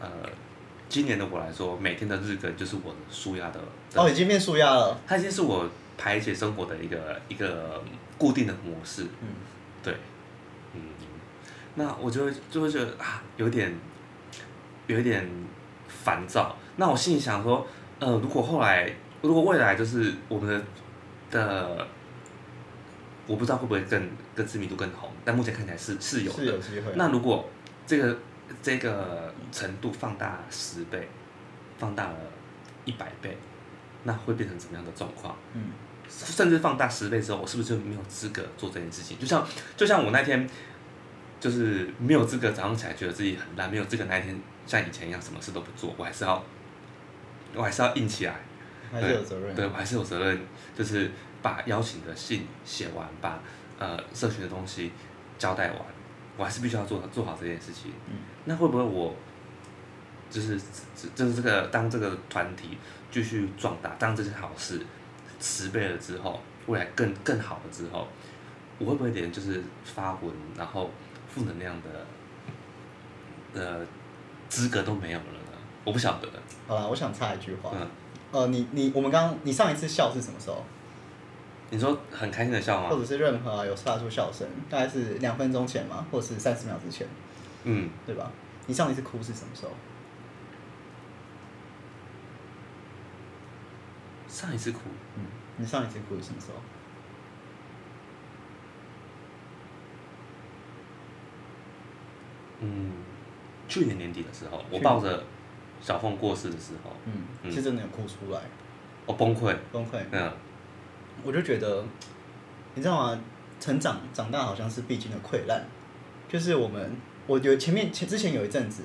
呃，今年的我來說，每天的日更就是我的舒壓的，的哦，已經變舒壓了。它已經是我排解生活的一個一個固定的模式。嗯，對，嗯，那我就就會覺得啊，有點，有一點煩躁。那我心裡想說，呃，如果後來，如果未來，就是我們的，的，我不知道會不會更更知名度更紅，但目前看起來是是有的，是有機會啊。那如果這個。這個程度放大十倍，放大了一百倍，那會變成怎麼樣的狀況？嗯。甚至放大十倍之後，我是不是就沒有資格做這件事情？就像就像我那天，就是沒有資格早上起來覺得自己很爛，沒有資格那一天像以前一樣什麼事都不做，我還是要，我還是要硬起來，還是有責任，對，對我還是有責任，就是把邀請的信寫完，把呃社群的東西交代完，我還是必須要做，嗯，做好這件事情。嗯。那會不會我，就是，就是這個當這個團體繼續壯大，當這件好事十倍了之後，未來更更好了之後，我會不會連就是發文然後負能量的，呃，資格都沒有了呢？我不曉得了。好了，我想插一句話。嗯。呃，你你我們剛剛你上一次笑是什麼時候？你說很開心的笑嗎？或者是任何有發出笑聲，大概是兩分鐘前嗎？或者是三十秒之前？嗯，對吧？你上一次哭是什麼時候？上一次哭，嗯，你上一次哭是什麼時候？嗯，去年年底的時候，我抱着小鳳過世的時候，嗯，嗯，是真的有哭出來，我、哦、崩潰，崩潰、嗯，我就覺得，你知道嗎？成長長大好像是必經的潰爛，就是我們。我覺得前面前之前有一陣子，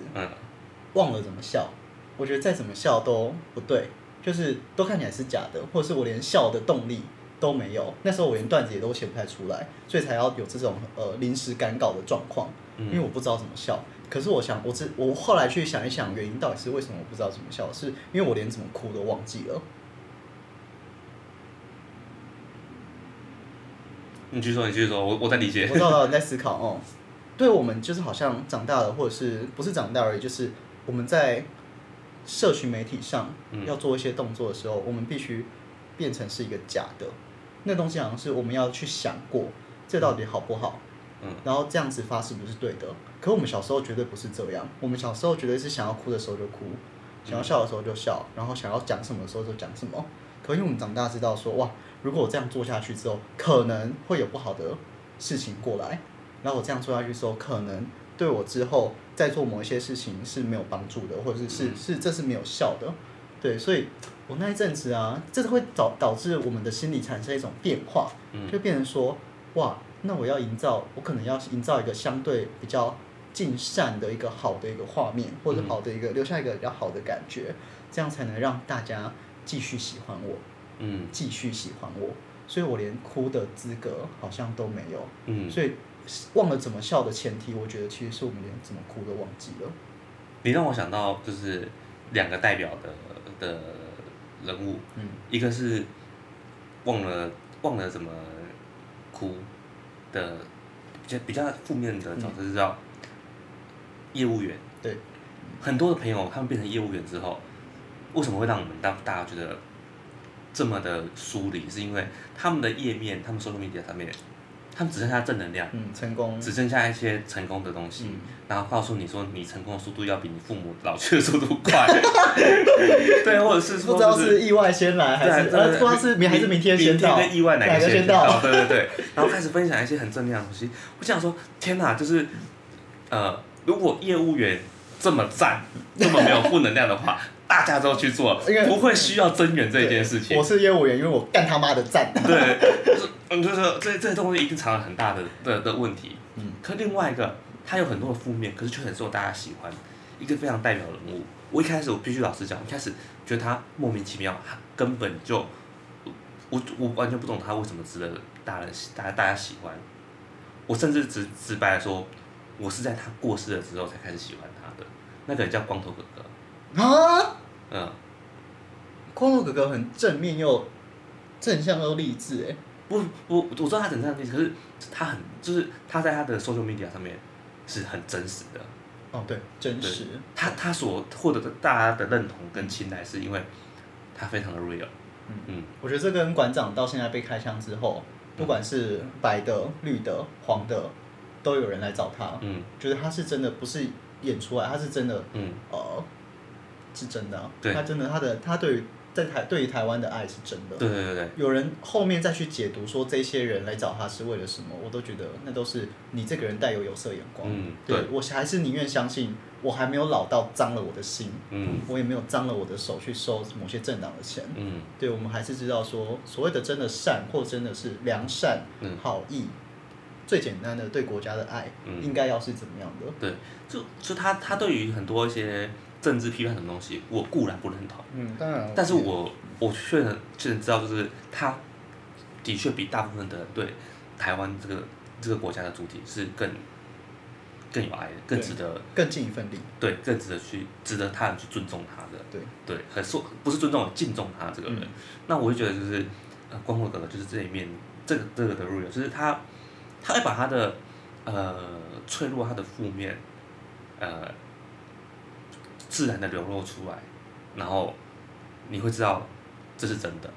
忘了怎麼笑。我覺得再怎麼笑都不對，就是都看起來是假的，或者是我連笑的動力都沒有。那時候我連段子也都寫不太出來，所以才要有這種呃臨時趕稿的狀況。因為我不知道怎麼笑。可是我想，我後來去想一想，原因到底是為什麼我不知道怎麼笑，是因為我連怎麼哭都忘記了。你繼續說，你繼續說，我我在理解，我在思考哦。對我們就是好像長大了，或者是不是長大而已，就是我們在社群媒體上要做一些動作的時候，我們必須變成是一個假的。那東西好像是我們要去想過，這到底好不好？嗯，然後這樣子發是不是對的？可我們小時候絕對不是這樣，我們小時候絕對是想要哭的時候就哭，想要笑的時候就笑，然後想要講什麼的時候就講什麼。可是我們長大知道說，哇，如果我這樣做下去之後，可能會有不好的事情過來。然後我這樣說下去說，可能對我之後再做某一些事情是沒有幫助的，或者是是是這是沒有效的，對。所以我那一陣子啊，這是會導導致我們的心理產生一種變化，嗯，就變成說，哇，那我要營造，我可能要營造一個相對比較盡善的一個好的一個畫面，或者好的一個留下一個比較好的感覺，嗯，這樣才能讓大家繼續喜歡我，嗯，繼續喜歡我。所以我連哭的資格好像都沒有，嗯，所以。忘了怎麼笑的前提，我覺得其實是我們連怎麼哭都忘記了。你讓我想到就是兩個代表的的人物，嗯，一個是忘了忘了怎麼哭的，比較比較負面的，就是叫業務員。對，很多的朋友他們變成業務員之後，為什麼會讓我們大大家覺得這麼的疏離？是因為他們的頁面，他們社交媒體上面。他們只剩下正能量，嗯、成功只剩下一些成功的東西，嗯、然後告訴你說，你成功的速度要比你父母老去的速度快， [LAUGHS] [LAUGHS] 對，或者是說、就是，不知道是意外先來還是不知道是明天明天的意外先到，哪個先到？ [LAUGHS] 對對對，然後開始分享一些很正能量的東西。我想說，天哪，就是呃，如果業務員這麼讚， [LAUGHS] 這麼沒有負能量的話。 [LAUGHS] 大家都去做了，不會需要增援這件事情。我是業務員，因為我幹他媽的贊。 [LAUGHS] 對，就是這這東西一定藏了很大的的的問題。嗯，可另外一個，他有很多的負面，可是卻很受大家喜歡，一個非常代表人物。我一開始我必須老實講，一開始覺得他莫名其妙，他根本就我我完全不懂他為什麼值得大人大家大家喜歡。我甚至直直白的說，我是在他過世了之後才開始喜歡他的，那個人叫光頭哥哥。啊，嗯，光頭哥哥很正面又正向又勵志哎，不不，我知道他很正向勵志，可是他很就是他在他的 social media 上面是很真實的，哦對，真實，他他所獲得的大家的認同跟青睞是因為他非常的 real，嗯嗯，我覺得這跟館長到現在被開槍之後，不管是白的、嗯、綠的、黃的，都有人來找他，嗯，覺得他是真的不是演出來，他是真的，嗯呃。是真的，啊對，他真的，他的他對於在台對於台灣的愛是真的。對對對，對。有人後面再去解讀說這些人來找他是為了什麼，我都覺得那都是你這個人帶有有色眼光。嗯、對，對。我還是寧願相信我還沒有老到髒了我的心。嗯、我也沒有髒了我的手去收某些政黨的錢。嗯、對，我們還是知道說所謂的真的善或真的是良善、嗯、好意，最簡單的對國家的愛，嗯、應該要是怎麼樣的？對，就就他他對於很多一些。政治批判的東西，我固然不認同。嗯、當然、但是我、嗯、我確認確實知道，就是他的確比大部分的人對台灣這個這個國家的主體是更更有愛的，更值得更盡一份力。對，更值得去值得他人去尊重他的。對對，很說不是尊重，敬重他這個人、嗯。那我就覺得就是、呃、光輝哥哥就是這一面，這個這個的 real，就是他他會把他的呃脆弱、他的負面呃。自然的流露出來，然後你會知道這是真的。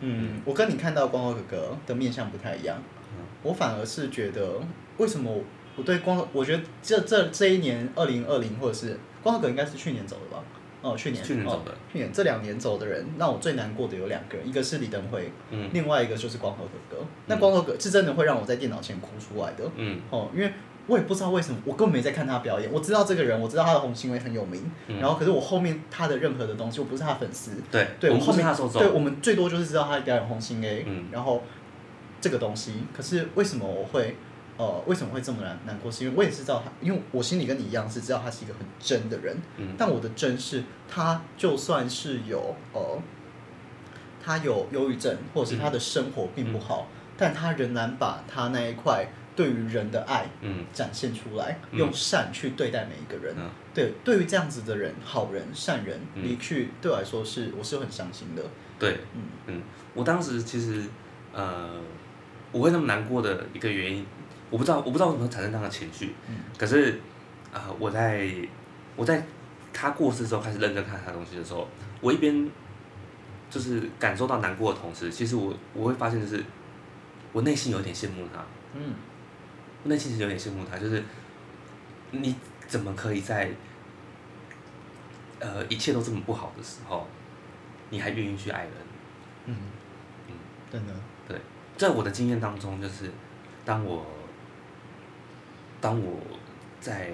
嗯，嗯，我跟你看到光頭哥哥的面相不太一樣，嗯、我反而是覺得為什麼我對光頭，我覺得這這這一年二零二零或者是光頭哥應該是去年走的吧？哦，去年，去年走的，哦、去年這兩年走的人，那我最難過的有兩個人，一個是李登輝、嗯，另外一個就是光頭哥哥、嗯。那光頭哥是真的會讓我在電腦前哭出來的。嗯，哦，因為。我也不知道為什麼，我根本沒在看他表演。我知道這個人，我知道他的紅心 A 很有名。嗯、然後，可是我後面他的任何的東西，我不是他粉絲。對。對。我，受受我們後面對，我們最多就是知道他在表演紅心 A，嗯。然後這個東西，可是為什麼我會呃為什麼會這麼難難過？是因為我也是知道他，因為我心裡跟你一樣是知道他是一個很真的人。嗯、但我的真是他就算是有呃，他有憂鬱症，或者是他的生活並不好，嗯嗯、但他仍然把他那一塊。對於人的愛，嗯，展現出來，嗯，用善去對待每一個人，嗯，對，對於這樣子的人，好人善人，你，嗯、去對我來說是我是很相信的，對，嗯，嗯我當時其實，呃，我會那麼難過的一個原因，我不知道我不知道怎麼會產生那樣的情緒，嗯、可是，啊、呃，我在我在他過世的時候開始認真看他東西的時候，我一邊，就是感受到難過的同時，其實我我會發現就是，我內心有點羨慕他，嗯。那其實有點羨慕他，就是你怎麼可以在呃一切都這麼不好的時候，你還願意去愛人？嗯嗯，真的。對，在我的經驗當中，就是當我當我在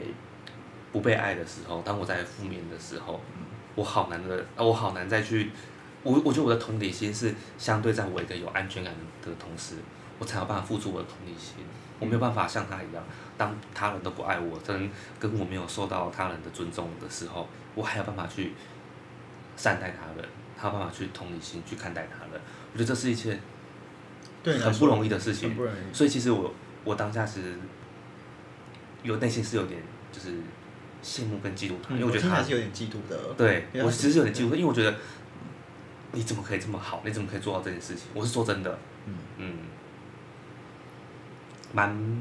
不被愛的時候，當我在負面的時候，嗯，我好難的，我好難再去，我我覺得我的同理心是相對在我一個有安全感的同時，我才有辦法付出我的同理心。我沒有辦法像他一樣，當他人都不愛我，跟跟我沒有受到他人的尊重的時候，我還有辦法去善待他人，還有辦法去同理心去看待他人。我覺得這是一件很不容易的事情，所以其實我我當下其實有內心是有點就是羨慕跟嫉妒他、嗯，因為我覺得他還是有點嫉妒的。對的，我其實有點嫉妒，因為我覺得你怎麼可以這麼好？你怎麼可以做到這件事情？我是說真的。嗯嗯。蠻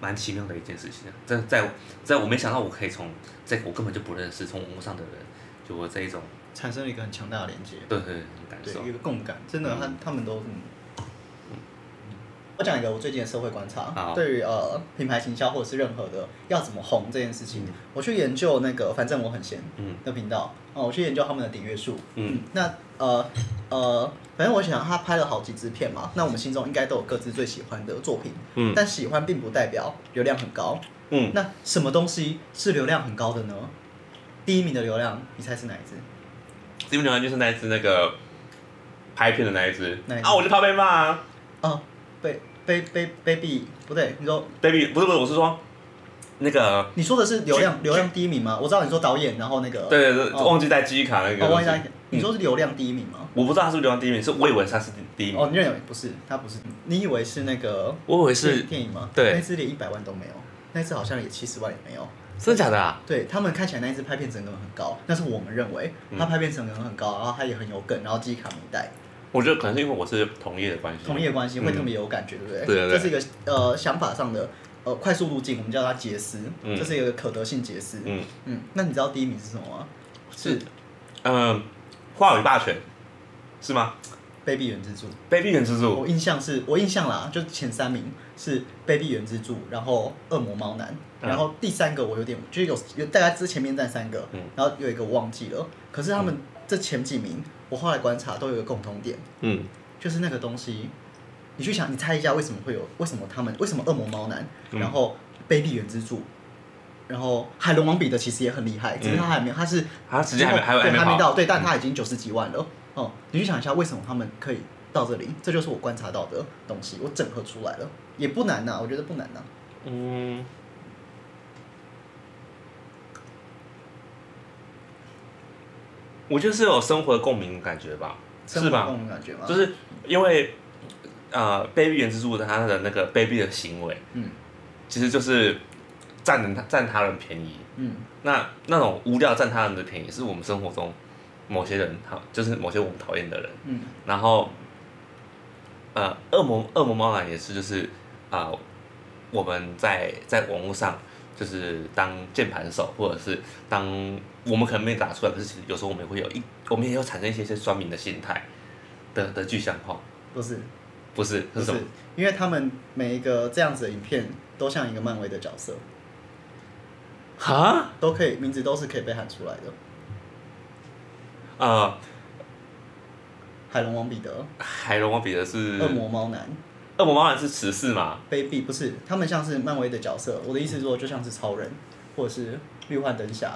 蠻奇妙的一件事情啊，這在在我，在我沒想到，我可以從這我根本就不認識，從網路上的人，就我這一種，產生了一個很強大的連接，對對，對很感受，對一個共感，真的，嗯，他他們都，嗯我講一個我最近的社會觀察，對於呃品牌營銷或者是任何的要怎麼紅這件事情，我去研究那個反正我很閒的頻道，嗯、哦我去研究他們的訂閱數，嗯，嗯那呃呃，反正我想他拍了好幾支片嘛，那我們心中應該都有各自最喜歡的作品，嗯、但喜歡並不代表流量很高，嗯，那什麼東西是流量很高的呢？嗯、第一名的流量你猜是哪一支？第一名流量就是那一支那個拍片的那一支，啊，我就怕被罵，啊。呃被被被 baby 不對，你說 baby 不是不是，我是說那個。你說的是流量、Ch Ch、流量第一名嗎？我知道你說導演，然後那個。對對對，忘記帶記憶卡那個。哦，忘記帶。你說是流量第一名嗎？嗯、我不知道他是不是流量第一名，是我以為他是第一名。嗯、哦，你認為不是，他不是。你以為是那個？我以為是電、電影嗎？對。那次連一百萬都沒有，那次好像也七十萬也沒有。真的假的啊？對，他們看起來那次拍片成本很高，但是我們認為他、嗯、拍片成本很高，然後他也很有梗，然後記憶卡沒帶。我覺得可能是因為我是同業的關係，同業關係會特別有感覺，嗯、對不對，對，對，對？這是一個呃想法上的呃快速路徑，我們叫它捷思，嗯、這是一個可得性捷思。嗯，嗯，那你知道第一名是什麼嗎？是，嗯、呃、話語霸權，是嗎？卑鄙源之助。卑鄙源之助。我印象是，我印象啦，就前三名是卑鄙源之助，然後惡魔貓男、嗯，然後第三個我有點就是有，有大家知前面站三個、嗯，然後有一個我忘記了，可是他們這前幾名。嗯我後來觀察都有個共同點，嗯，就是那個東西，你去想，你猜一下為什麼會有？為什麼他們？為什麼惡魔貓男、嗯，然後卑鄙源之助，然後海龍王彼得其實也很厲害，只是他還沒有，他是還沒到，對，但他已經九十幾萬了。哦、嗯嗯，你去想一下，為什麼他們可以到這裡？這就是我觀察到的東西，我整合出來了，也不難吶、啊，我覺得不難吶、啊，嗯。我就是有生活共的生活共鳴感覺吧，是吧？就是因為呃，卑鄙源之助的那個卑鄙的行為，嗯，其實就是占人占他人便宜，嗯，那那種無聊占他人的便宜，是我們生活中某些人，他就是某些我們討厭的人，嗯，然後呃，惡魔惡魔貓男，也是，就是啊、呃，我們在在網絡上。就是當鍵盤手，或者是當我們可能沒打出來，可是其實有時候我們也會有一，我們也要產生一些一些酸民的心態的的具象化，不是，不是，是什麼？不是，因為他們每一個這樣子的影片都像一個漫威的角色，哈，都可以，名字都是可以被喊出來的，啊、呃，海龍王彼得，海龍王彼得是惡魔貓男。惡魔貓男是慈士嗎？卑鄙不是，他們像是漫威的角色。我的意思說，就像是超人，或者是綠幻燈俠，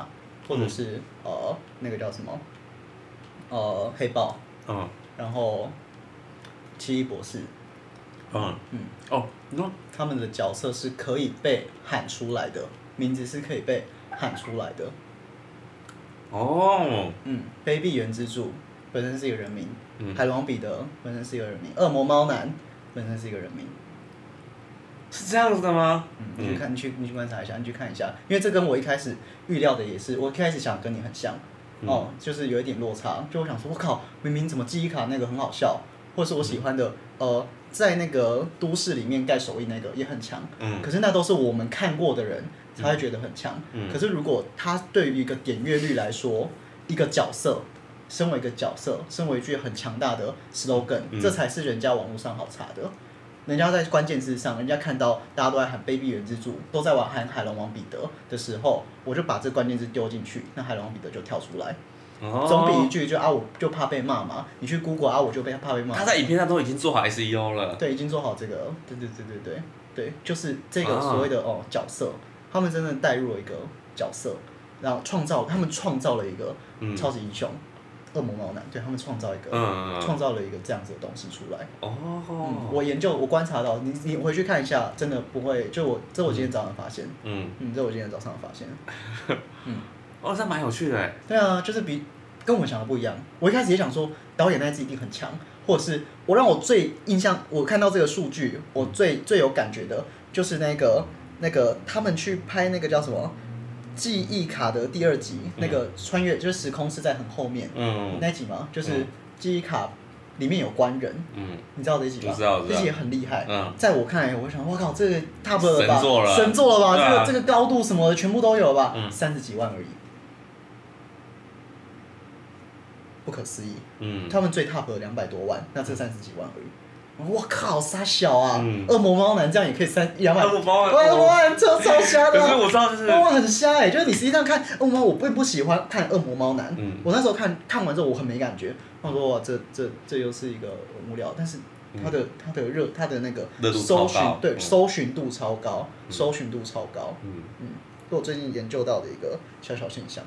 或者是、嗯、呃那個叫什麼呃黑豹。嗯。然後奇異博士。嗯。嗯。哦嗯，他們的角色是可以被喊出來的，名字是可以被喊出來的。哦。嗯。卑鄙 b 原之助本身是一個人名。嗯、海王彼得本身是一個人名。惡魔貓男。嗯本身是一個人名，是這樣子的嗎？嗯、你去看、嗯，你去，你去觀察一下，你去看一下，因為這跟我一開始預料的也是，我一開始想跟你很像，哦、嗯嗯，就是有一點落差，就我想說，我靠，明明怎麼記憶卡那個很好笑，或是我喜歡的，嗯、呃，在那個都市裡面蓋手印那個也很強，嗯，可是那都是我們看過的人才會覺得很強、嗯，嗯，可是如果他對於一個點閱率來說，一個角色。身為一個角色，身為一句很強大的 slogan，嗯、這才是人家網絡上好查的。人家在關鍵字上，人家看到大家都在喊“卑鄙人之助”，都在玩喊海龍王彼得的時候，我就把這關鍵字丟進去，那海龍王彼得就跳出來。總、哦、比一句就啊，我就怕被罵嘛。你去 Google 啊，我就被怕被罵。他在影片上都已經做好 SEO 了。對，已經做好這個。對對對對對對，就是這個所謂的哦，哦角色，他們真的帶入了一個角色，然後創造，他們創造了一個超級英雄。嗯惡魔毛男，對，他們創造一個、嗯，創造了一個這樣子的東西出來。哦，嗯、我研究，我觀察到，你你回去看一下，真的不會，就我這我今天早上發現，嗯嗯，嗯，這我今天早上發現，嗯，哦，這蠻有趣的。對啊，就是比跟我想的不一樣。我一開始也想說，導演那一次一定很強，或者是我讓我最印象，我看到這個數據，我最最有感覺的，就是那個那個他們去拍那個叫什麼？記憶卡的第二集，嗯、那個穿越就是時空是在很後面，嗯，那集嘛，就是記憶卡裡面有官人，嗯，你知道這集吧？這集也很厲害，嗯，在我看來，我想，我靠，這個 top 了吧？神作了,了吧？這個、啊、這個高度什麼的全部都有了吧？嗯，三十幾萬而已，不可思議，嗯，他們最 top 的兩百多萬，那這三十幾萬而已。我靠，殺小啊！惡、嗯、魔貓男這樣也可以三兩百，惡魔貓男，哇我哇超瞎的、啊。可是我知道、就是，是很瞎哎、欸，就是你實際上看惡魔、嗯，我並不喜歡看惡魔貓男、嗯。我那時候看看完之後，我很沒感覺。我說哇，這這這又是一個無聊。但是他的、嗯、他的熱他的那個搜尋度對，搜尋度超高，嗯、搜尋度超高。嗯是、嗯嗯、我最近研究到的一個小小現象。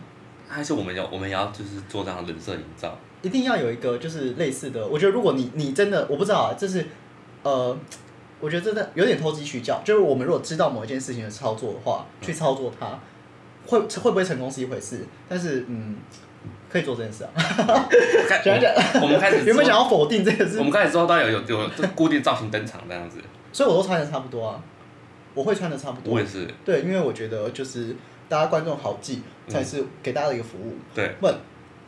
還是我們要我們要就是做這樣的人設營造。一定要有一個就是類似的，我覺得如果你你真的我不知道啊，這是呃，我覺得真的有點投機取巧。就是我們如果知道某一件事情的操作的話，嗯、去操作它，會會不會成功是一回事，但是嗯，可以做這件事啊 [LAUGHS] 我。我們開始原本想要否定這件事，我們開始做到有有有固定造型登場這樣子，所以我都穿的差不多啊，我會穿的差不多。我也是，對，因為我覺得就是大家觀眾好記才是給大家的一個服務。嗯、對。But,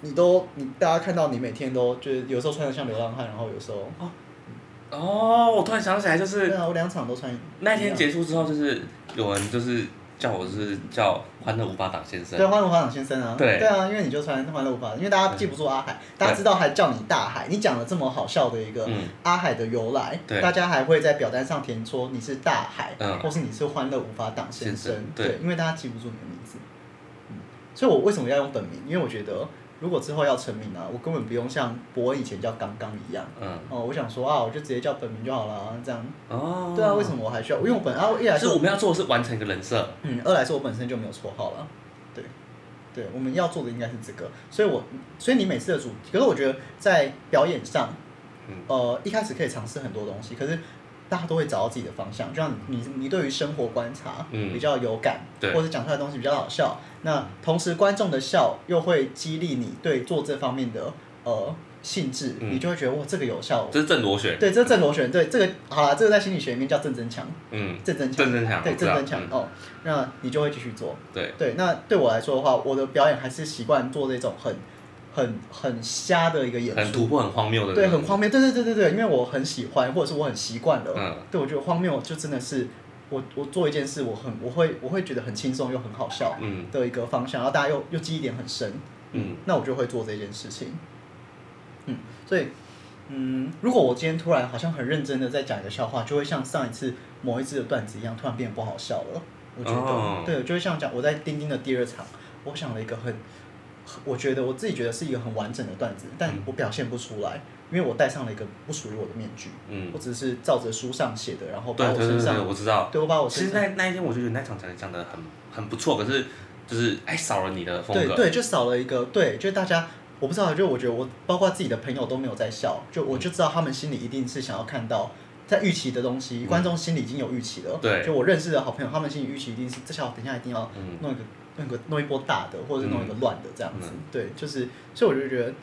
你都你大家看到你每天都就是有時候穿的像流浪漢，然後有時候哦、嗯、哦，我突然想起來，就是對啊，我兩場都穿那天結束之後，就是、嗯、有人就是叫我是叫歡樂無法黨先生，對、啊，歡樂無法黨先生啊，對對啊，因為你就穿歡樂無法，因為大家記不住阿海，大家知道還叫你大海，你講了這麼好笑的一個、嗯、阿海的由來，對，大家還會在表單上填說你是大海，嗯、或是你是歡樂無法黨先生，先生對，對，因為大家記不住你的名字、嗯，所以我為什麼要用本名？因為我覺得。如果之後要成名了，啊，我根本不用像博恩以前叫剛剛一樣，嗯呃，我想說啊，我就直接叫本名就好了，這樣，哦。對啊，為什麼我還需要？因為我本啊，一來是我們要做的是完成一個人設，嗯，二來是我本身就沒有綽號了，對，對，我們要做的應該是這個，所以我，所以你每次的主題，可是我覺得在表演上，嗯、呃，一開始可以嘗試很多東西，可是。大家都會找到自己的方向，就像你，你對於生活觀察比較有感，嗯、對或者講出來的東西比較好笑。那同時觀眾的笑又會激勵你對做這方面的呃興致、嗯，你就會覺得哇，這個有效，這是正螺旋。對，這是正螺旋、嗯。對，這個好啦，這個在心理學裡面叫正增強。嗯，正增強，正增強，對，正增強。哦，那你就會繼續做。對對，那對我來說的話，我的表演還是習慣做這種很。很很瞎的一個演出，很突破，很荒謬的，對，很荒謬，對對對對對，因為我很喜歡，或者是我很習慣了、嗯，對，我覺得荒謬就真的是，我我做一件事我，我很我會我會覺得很輕鬆又很好笑，嗯，的一個方向，嗯、然後大家又又記憶點很深，嗯，那我就會做這件事情，嗯，所以嗯，如果我今天突然好像很認真的在講一個笑話，就會像上一次某一次的段子一樣，突然變得不好笑了，我覺得、哦，對，就會像講我在丁丁的第二場，我想了一個很。我覺得我自己覺得是一個很完整的段子，但我表現不出來，因為我戴上了一個不屬於我的面具。嗯，我只是照着書上寫的，然後把我身上，對對對對，我知道。對，我把我身上。其實那那一天，我就覺得那場才講的很很不錯，可是就是哎少了你的風格。對，對，就少了一個，對，就大家我不知道，就我覺得我包括自己的朋友都沒有在笑，就我就知道他們心裡一定是想要看到在預期的東西，觀眾心裡已經有預期了，嗯。對，就我認識的好朋友，他們心裡預期一定是這下我等一下一定要弄一個。嗯弄個弄一波大的，或者是弄一個亂的這樣子，嗯嗯、對，就是，所以我就覺得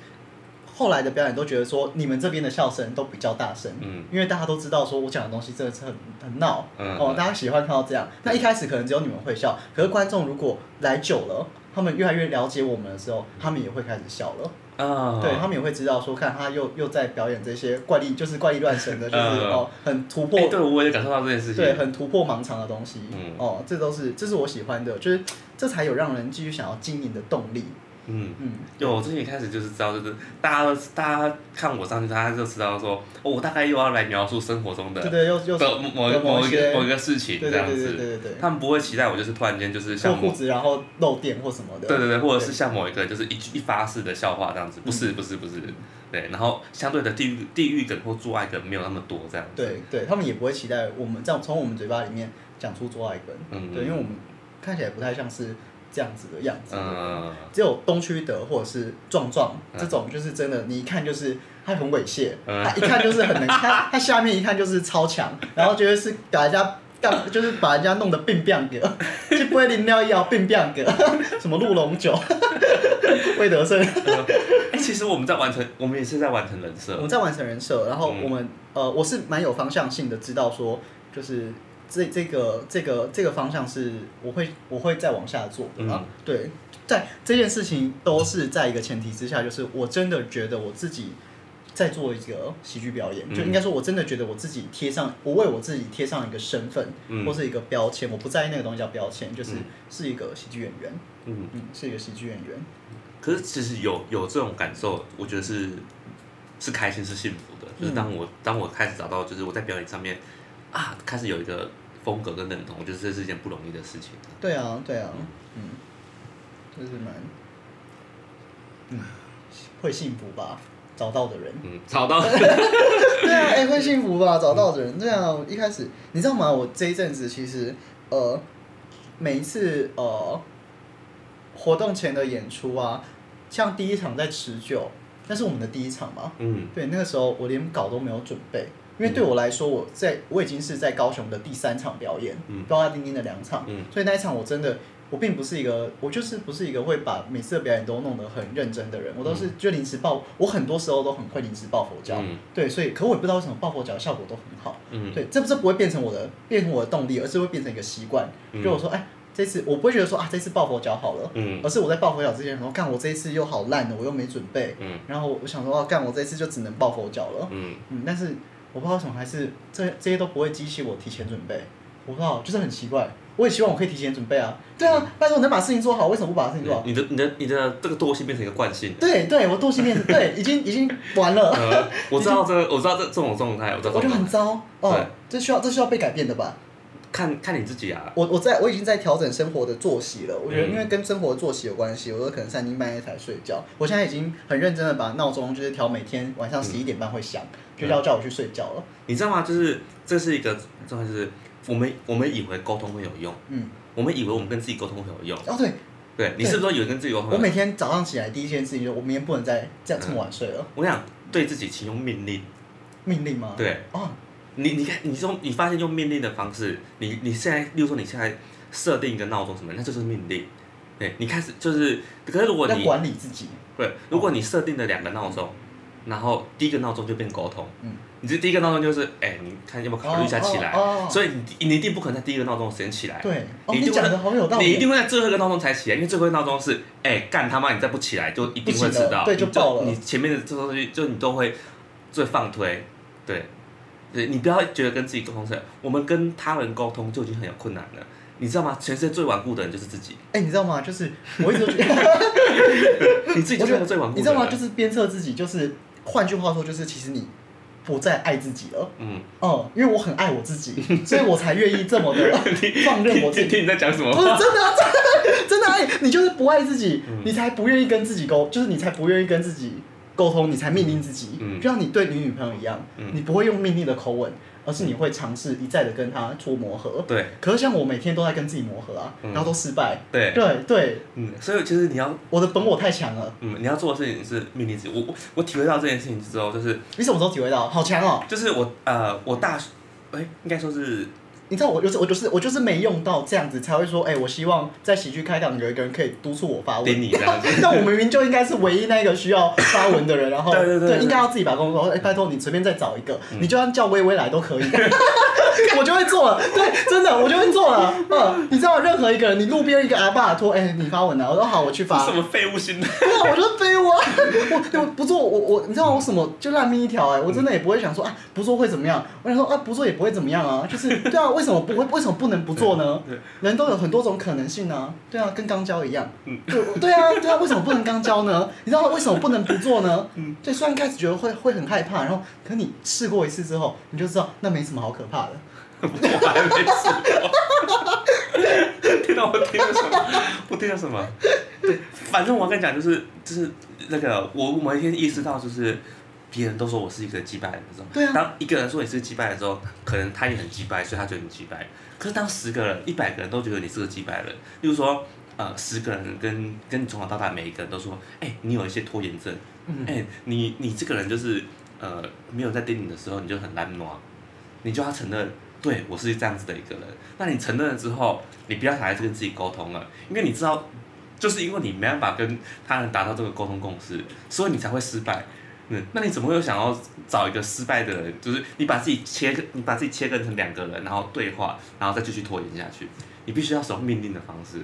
後來的表演都覺得說，你們這邊的笑聲都比較大聲，嗯，因為大家都知道說我講的東西真的是很很鬧，嗯，哦，大家喜歡看到這樣、嗯。那一開始可能只有你們會笑、嗯，可是觀眾如果來久了，他們越來越了解我們的時候，他們也會開始笑了。啊、oh.，對他們也會知道說，看他又又在表演這些怪力，就是怪力亂神的，就是、uh. 哦，很突破、欸。對，我也感受到這件事情。對，很突破盲腸的東西、嗯。哦，這都是，這是我喜歡的，就是這才有讓人繼續想要經營的動力。嗯嗯，有，我最近一開始就是知道，就是大家大家看我上去，大家就知道說，哦，我大概又要來描述生活中的，對對，又,又某,某,某,一某一個某一個事情這樣子，對對對對,對,對,對,對,對，他們不會期待我就是突然間就是像脫褲子然後漏電或什麼的，對,對對對，或者是像某一個就是一一發式的笑話這樣子。不是，嗯，不是不是，對，然後相對的地獄地獄梗或做愛梗沒有那麼多這樣子。對對，他們也不會期待我們這樣從我們嘴巴裡面講出做愛梗，嗯，對，因為我們看起來不太像是。這樣子的樣子的、嗯嗯嗯，只有東區德或者是壯壯、嗯、這種，就是真的，你一看就是他很猥褻、嗯，他一看就是很能，嗯、他 [LAUGHS] 他下面一看就是超強，然後覺得是把人家幹就是把人家弄得變變格，就不會尿尿一尿變變格，什麼鹿龍酒， [LAUGHS] 魏德勝、嗯欸，其實我們在完成，我們也是在完成人設，我們在完成人設，然後我們、嗯、呃，我是蠻有方向性的，知道說就是。這這個這個這個方向是，我會我會再往下做的，嗯。對，在這件事情都是在一個前提之下，就是我真的覺得我自己在做一個喜劇表演，嗯，就應該說，我真的覺得我自己貼上，我為我自己貼上一個身份、嗯，或是一個標籤，我不在意那個東西叫標籤，就是是一個喜劇演員。嗯嗯，是一個喜劇演員。可是其實有有這種感受，我覺得是是開心，是幸福的。就是當我、嗯，當我開始找到，就是我在表演上面，啊，開始有一個風格跟認同，我覺得這是一件不容易的事情。對啊，對啊，嗯，嗯就是蠻，嗯，會幸福吧？找到的人，嗯，找到的人， [LAUGHS] [LAUGHS] 對啊，哎、欸，會幸福吧？找到的人，嗯、對啊，一開始你知道嗎？我這一陣子其實呃，每一次呃，活動前的演出啊，像第一場在持久，那是我們的第一場嘛，嗯，對，那個時候我連稿都沒有準備。因為對我來說，我在我已經是在高雄的第三場表演，嗯，包括叮叮的兩場、嗯，所以那一場我真的，我並不是一個，我就是不是一個會把每次的表演都弄得很認真的人，我都是、嗯、就臨時抱，我很多時候都很會臨時抱佛腳、嗯，對，所以，可我也不知道為什麼抱佛腳效果都很好、嗯，對，這不是不會變成我的變成我的動力，而是會變成一個習慣，嗯、就我說，哎，這次我不會覺得說啊，這次抱佛腳好了、嗯，而是我在抱佛腳之前，然後幹我這一次又好爛了，我又沒準備，嗯、然後我想說，哦、啊，幹我這一次就只能抱佛腳了嗯，嗯，但是。我不知道什麼，還是這這些都不會激起我提前準備。我靠，就是很奇怪。我也希望我可以提前準備啊，對啊。嗯、但是我能把事情做好，為什麼不把事情做好？你的你的你的這個惰性變成一個慣性。對對，我惰性變成， [LAUGHS] 對，已經已經完了。呃、我知道這個、我知道這這種種狀態，我知道。我就很糟哦，這需要這需要被改變的吧。看看你自己啊！我我在我已經在調整生活的作息了。我覺得因為跟生活的作息有關係，我可能三更半夜才睡覺。我現在已經很認真的把鬧鐘就是調每天晚上十一點半會響，嗯、就是要叫我去睡覺了。你知道嗎？就是這是一個，真、就、的是我們我們以為溝通會有用，嗯，我們以為我們跟自己溝通會有用。哦，對，對，對你是不是以為跟自己溝通有用？我每天早上起來第一件事情就是我明天不能再這樣這麼晚睡了。嗯、我想對自己請用命令，命令嗎？對，啊、哦。你你看，你說你發現用命令的方式，你你現在，比如說你現在設定一個鬧鐘什麼，那就是命令。哎，你開始就是，可是如果你管理自己。對，如果你設定了兩個鬧鐘，然後第一個鬧鐘就變溝通。嗯。你這第一個鬧鐘就是，哎、欸，你看要不要考慮一下起來？哦哦哦、所以你你一定不可能在第一個鬧鐘時間起來。對。哦、你講得好有道理。你一定會在最後一個鬧鐘才起來，因為最後一個鬧鐘是，哎、欸，幹他媽你再不起來就一定會遲到，對，就爆了。你，你前面的這東西就你都會最放推，對。對，你不要覺得跟自己溝通難，我們跟他人溝通就已經很有困難了，你知道嗎？全世界最頑固的人就是自己。哎、欸，你知道嗎？就是我一直都覺得， [LAUGHS] [LAUGHS] 你自己才是最頑固的人。你知道嗎？就是鞭策自己，就是換句話說，就是其實你不再愛自己了。嗯，哦、嗯，因為我很愛我自己， [LAUGHS] 所以我才願意這麼的放任我自己。聽你，你，你，你在講什麼話？不是真的、啊、真的，真的愛你就是不愛自己， [LAUGHS] 你才不願意跟自己溝，就是你才不願意跟自己。溝通，你才命令自己，就、嗯嗯、像你對你女,女朋友一樣、嗯，你不會用命令的口吻，而是你會嘗試一再的跟她做磨合。對、嗯，可是像我每天都在跟自己磨合啊，嗯、然後都失敗。對，對，對嗯。所以其實你要，我的本我太強了。嗯，你要做的事情是命令自己。我我我體會到這件事情之後，就是你什麼時候體會到？好強哦！就是我呃，我大，哎、欸，應該說是。你知道我就是我就是我就是沒用到這樣子才會說哎、欸，我希望在喜劇開港有一個人可以督促我發文。但你的、啊， [LAUGHS] 那我明明就應該是唯一那個需要發文的人，然後對對對，應該要自己把工作說哎、欸，拜托你隨便再找一個，你就讓叫微微來都可以，嗯、 [LAUGHS] [LAUGHS] 我就會做了。對，真的我就會做了。嗯，你知道任何一個人，你路邊一個阿爸拖哎，你發文了、啊，我說好，我去發。什麼廢物心？對啊，我是廢物，啊。我就、啊、我不做我我，你知道我什麼就爛命一條哎，我真的也不會想說啊不做會怎麼樣，我想說啊不做也不會怎麼樣啊，就是對啊。為什麼不為什麼不能不做呢？人都有很多種可能性呢、啊。對啊，跟肛交一樣。嗯對，對啊，對啊，為什麼不能肛交呢？ [LAUGHS] 你知道為什麼不能不做呢？嗯，對，雖然開始覺得會會很害怕，然後，可你試過一次之後，你就知道那沒什麼好可怕的。我還沒試過 [LAUGHS] [LAUGHS] 聽到我聽到什麼？我聽到什麼？對，反正我跟你講就是就是那、這個，我某一天意識到就是。別人都說我是一個擊敗的時候，對啊，當一個人說你是擊敗的時候，可能他也很擊敗，所以他覺得你擊敗。可是當十個人、一百個人都覺得你是個擊敗人，例如說，呃，十個人跟跟你從小到大每一個人都說，哎、欸，你有一些拖延症，哎、欸，你你這個人就是呃，沒有在盯你的時候你就很懶惰。你就要承認，對，我是這樣子的一個人。那你承認了之後，你不要還是跟自己溝通了，因為你知道，就是因為你沒辦法跟他人達到這個溝通共識，所以你才會失敗。那你怎麼會有想要找一個失敗的人？就是你把自己切割，你把自己切割成兩個人，然後對話，然後再繼續拖延下去。你必須要使用命令的方式，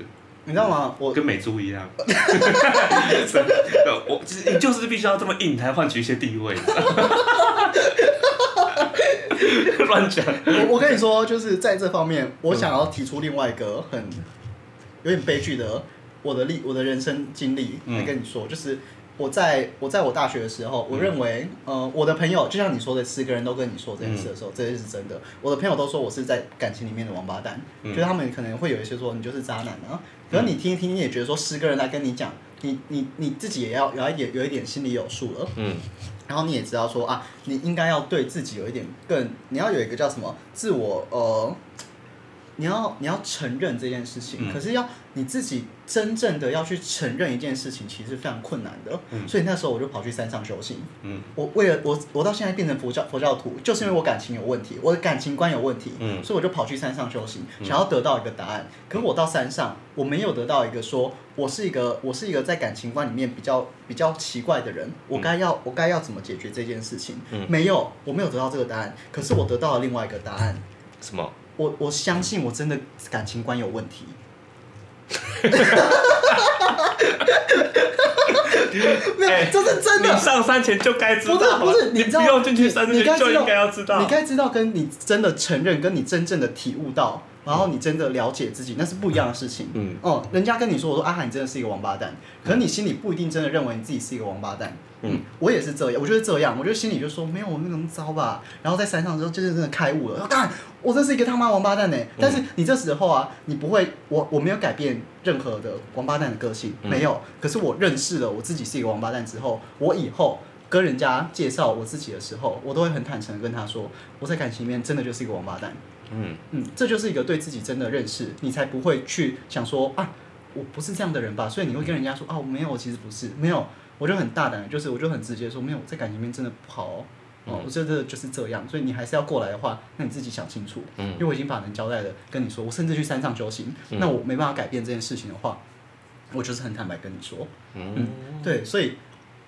你知道嗎？我跟美珠一樣， [LAUGHS] [LAUGHS] [LAUGHS] [LAUGHS] [LAUGHS] [LAUGHS] 我你就是必須要這麼硬，才換取一些地位。亂講！我我跟你說，就是在這方面，我想要提出另外一個很、嗯、有點悲劇的我的歷我的人生經歷來跟你說，嗯、就是。我在我在我大學的時候，我認為，嗯、呃，我的朋友就像你說的，四個人都跟你說這件事的時候，嗯、這些是真的。我的朋友都說我是在感情裡面的王八蛋，嗯、就是他們可能會有一些說你就是渣男，啊。可是你聽一聽，你也覺得說四個人來跟你講，你你你自己也要有一點有一點心裡有數了，嗯，然後你也知道說啊，你應該要對自己有一點更，你要有一個叫什麼自我，呃。你要你要承認這件事情，嗯、可是要你自己真正的要去承認一件事情，其實是非常困難的、嗯。所以那時候我就跑去山上修行。嗯，我為了我我到現在變成佛教佛教徒，就是因為我感情有問題，我的感情觀有問題。嗯，所以我就跑去山上修行，嗯、想要得到一個答案。嗯、可是我到山上，我沒有得到一個說我是一個我是一個在感情觀裡面比較比較奇怪的人，我該要，嗯、我該要怎麼解決這件事情，嗯？沒有，我沒有得到這個答案。可是我得到了另外一個答案，什麼？我我相信我真的感情觀有問題。哈哈哈哈哈！哈哈哈哈哈！這是真的。上山前就該知、啊、知道，不是你不用進去山裡，就應該要知道，你該知道，你該知道跟你真的承認，跟你真正的體悟到。然後你真的了解自己，那是不一樣的事情。嗯，哦、嗯，人家跟你說，我說阿海、啊、你真的是一個王八蛋，可是你心裡不一定真的認為你自己是一個王八蛋。嗯，我也是這樣，我覺得這樣，我就心裡就說沒有我們能糟吧。然後在山上之後，就真的開悟了。我幹，我真是一個他媽王八蛋哎、欸！但是你這時候啊，你不會，我我沒有改變任何的王八蛋的個性，沒有。可是我認識了我自己是一個王八蛋之後，我以後跟人家介紹我自己的時候，我都會很坦誠地跟他說，我在感情裡面真的就是一個王八蛋。嗯嗯，這就是一個對自己真的認識，你才不會去想說啊，我不是這樣的人吧？所以你會跟人家說啊，我沒有，其實不是，沒有，我就很大膽，就是我就很直接說，沒有，在感情面真的不好哦，哦，嗯、我真的就是這樣。所以你還是要過來的話，那你自己想清楚。嗯，因為我已經把人交代了，跟你說，我甚至去山上修行、嗯，那我沒辦法改變這件事情的話，我就是很坦白跟你說。嗯，嗯對，所以。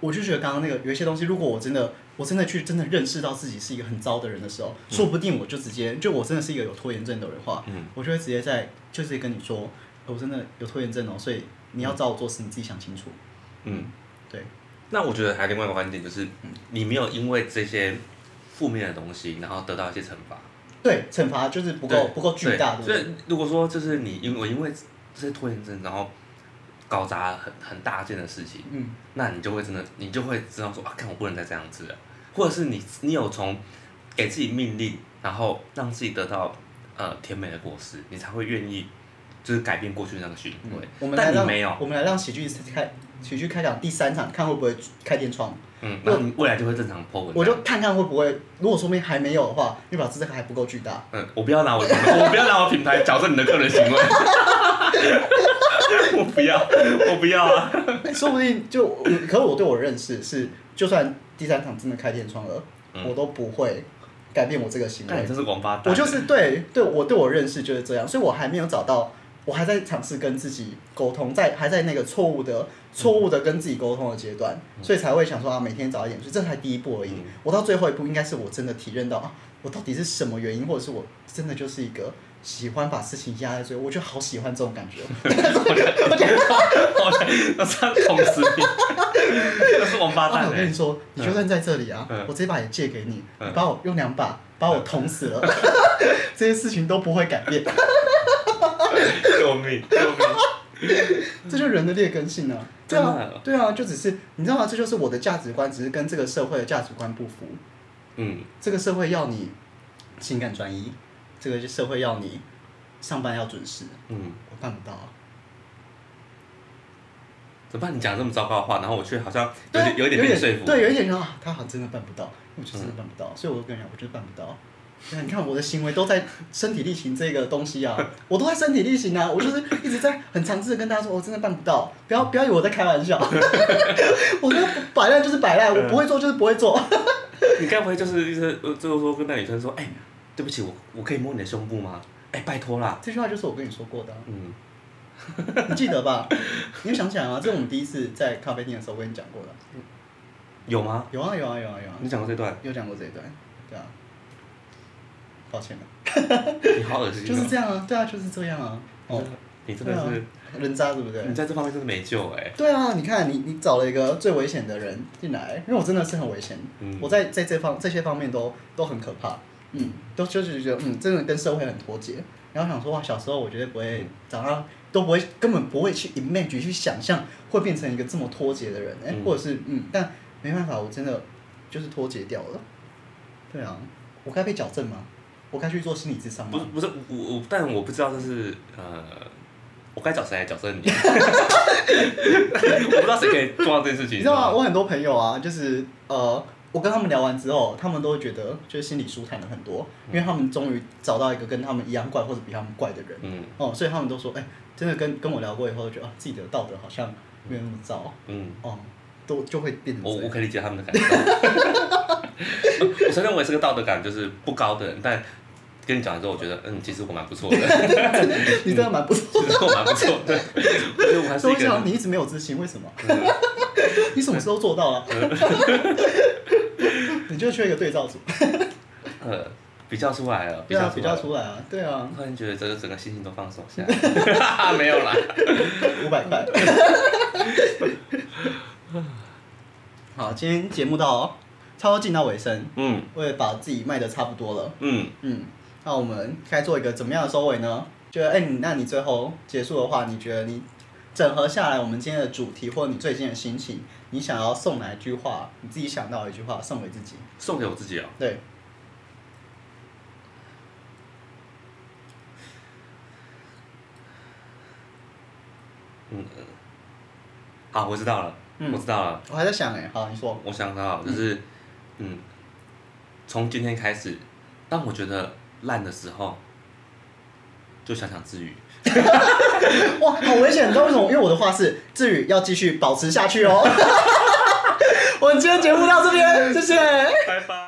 我就覺得剛剛那個有一些東西，如果我真的我真的去真的認識到自己是一個很糟的人的時候，嗯、說不定我就直接就我真的是一個有拖延症的人的話、嗯，我就會直接在就是跟你說，我真的有拖延症哦，所以你要找我做事、嗯，你自己想清楚。嗯，對。那我覺得還另外一個觀點就是，你沒有因為這些負面的東西，然後得到一些懲罰。對，懲罰就是不夠不夠巨大，對對對。所以如果說就是你因為我因、嗯、因為這些拖延症，然後。搞砸很很大件的事情，嗯，那你就會真的，你就會知道說啊，看我不能再這樣子了，或者是你，你有從給自己命令，然後讓自己得到、呃、甜美的果實，你才會願意就是改變過去那個行為、嗯。但你沒有，我們來讓喜劇開喜劇開講第三場，看會不會開天窗。嗯，那未來就會正常破。我就看看會不會，如果說明還沒有的話，因為表示這個還不夠巨大。嗯，我不要拿我， [LAUGHS] 我不要拿我品牌矯正你的個人行為。 [LAUGHS] [LAUGHS] 我不要，我不要啊！ [LAUGHS] 說不定就，可是我對我認識是，就算第三場真的開天窗了，嗯，我都不會改變我這個行為。真是廣發，我就是對對，我對我認識就是這樣，所以我還沒有找到，我還在嘗試跟自己溝通，在還在那個錯誤的錯誤的跟自己溝通的階段，嗯、所以才會想說啊，每天早一點，這才第一步而已。嗯、我到最後一步，應該是我真的體驗到啊，我到底是什麼原因，或者是我真的就是一個。喜歡把事情壓在最後，我就好喜歡這種感覺。我好像我捅死你！我是王八蛋、欸，我跟你說，你就算在這裡啊，嗯、我這把也借給你，嗯、你把我用兩把把我捅死了，嗯、 [LAUGHS] 這些事情都不會改變。救命！救命！這就是人的劣根性啊！對啊，啊對啊，就只是你知道嗎、啊？這就是我的價值觀，只是跟這個社會的價值觀不符。嗯，這個社會要你情感專一。這個社會要你上班要準時，嗯，我辦不到，啊，怎麼辦？你講這麼糟糕的話，然後我卻好像有點有點被說服，對，有一點，有點，啊，有點啊，他好真的辦不到，我覺得真的辦不到，嗯，所以我跟你講，我真的辦不到。你看我的行為都在身體力行這個東西啊，我都在身體力行啊，我就是一直在很嘗試的跟大家說，我，哦，真的辦不到，不要不要以為我在開玩笑， [LAUGHS] 我這擺爛就是擺爛，我不會做就是不會做。嗯，你該不會就是就是就是說跟那女生說哎？對不起，我我可以摸你的胸部嗎？哎，拜託啦！這句話就是我跟你說過的、啊，嗯， [LAUGHS] 你記得吧？你有想起來嗎、啊？ [LAUGHS] 這是我們第一次在咖啡店的時候，我跟你講過的、啊，有嗎？有啊，有啊，有啊，有啊！你講過這段？有講過這段，對啊。抱歉了。你好噁心，就是這樣啊，對啊，就是這樣啊。哦，你，你真的是、啊、人渣，對不對？你在這方面真的沒救哎、欸。對啊，你看你你找了一個最危險的人進來，因為我真的是很危險，嗯、我在在這方這些方面都都很可怕。嗯，都就是覺得嗯，真的跟社會很脫節，然後想說哇，小時候我覺得不會，長大都不會，根本不會去 image 去想象會變成一個這麼脫節的人、欸，誒、嗯，或者是嗯，但沒辦法，我真的就是脫節掉了。對啊，我該被矯正嗎？我該去做心理諮商嗎？不是，不是，我我，但我不知道這是呃，我該找誰來矯正你？ [LAUGHS] [LAUGHS] 我不知道誰可以做到這件事情。你知道嗎？嗎，我很多朋友啊，就是呃。我跟他們聊完之後，他們都會覺得，就是心裡舒坦了很多，因為他們終於找到一個跟他們一樣怪或者比他們怪的人，嗯，哦、嗯，所以他們都說，哎、欸，真的跟跟我聊過以後，覺得、啊、自己的道德好像沒有那麼糟，嗯，哦、嗯，都就會變得，我、哦、我可以理解他們的感覺， [LAUGHS] [LAUGHS] 我承認我也是個道德感就是不高的人，但。跟你講完之後，我覺得嗯，其實我蠻不錯的。 [LAUGHS] 你真的蠻不錯、嗯。其實我蠻不錯，對。所以我還是一個。你一直沒有自信為什麼、嗯？你什麼時候做到了？嗯、你就缺一個對照組。呃、嗯，比較出來了。對啊，比較出來啊，對啊。我突然覺得整個心情都放鬆下來了。 [LAUGHS] 沒有啦，五百塊。 [LAUGHS] 好，今天節目到，差不多進到尾聲。嗯。我也把自己賣得差不多了。嗯嗯。那我們該做一個怎麼樣的收尾呢？就是、欸、哎，那你最後結束的話，你覺得你整合下來我們今天的主題，或你最近的心情，你想要送哪一句話？你自己想到一句話，送給自己。送給我自己啊、哦。對。嗯。好、啊，我知道了。嗯。我知道了。我還在想哎，好，你說。我想到就是，嗯，從、嗯、今天開始，但我覺得。爛的時候，就想想志宇。 [LAUGHS] [LAUGHS] 哇，好危險！那為什麼？因為我的話是志宇要繼續保持下去哦。 [LAUGHS] 我們今天節目到這邊，謝謝，拜拜。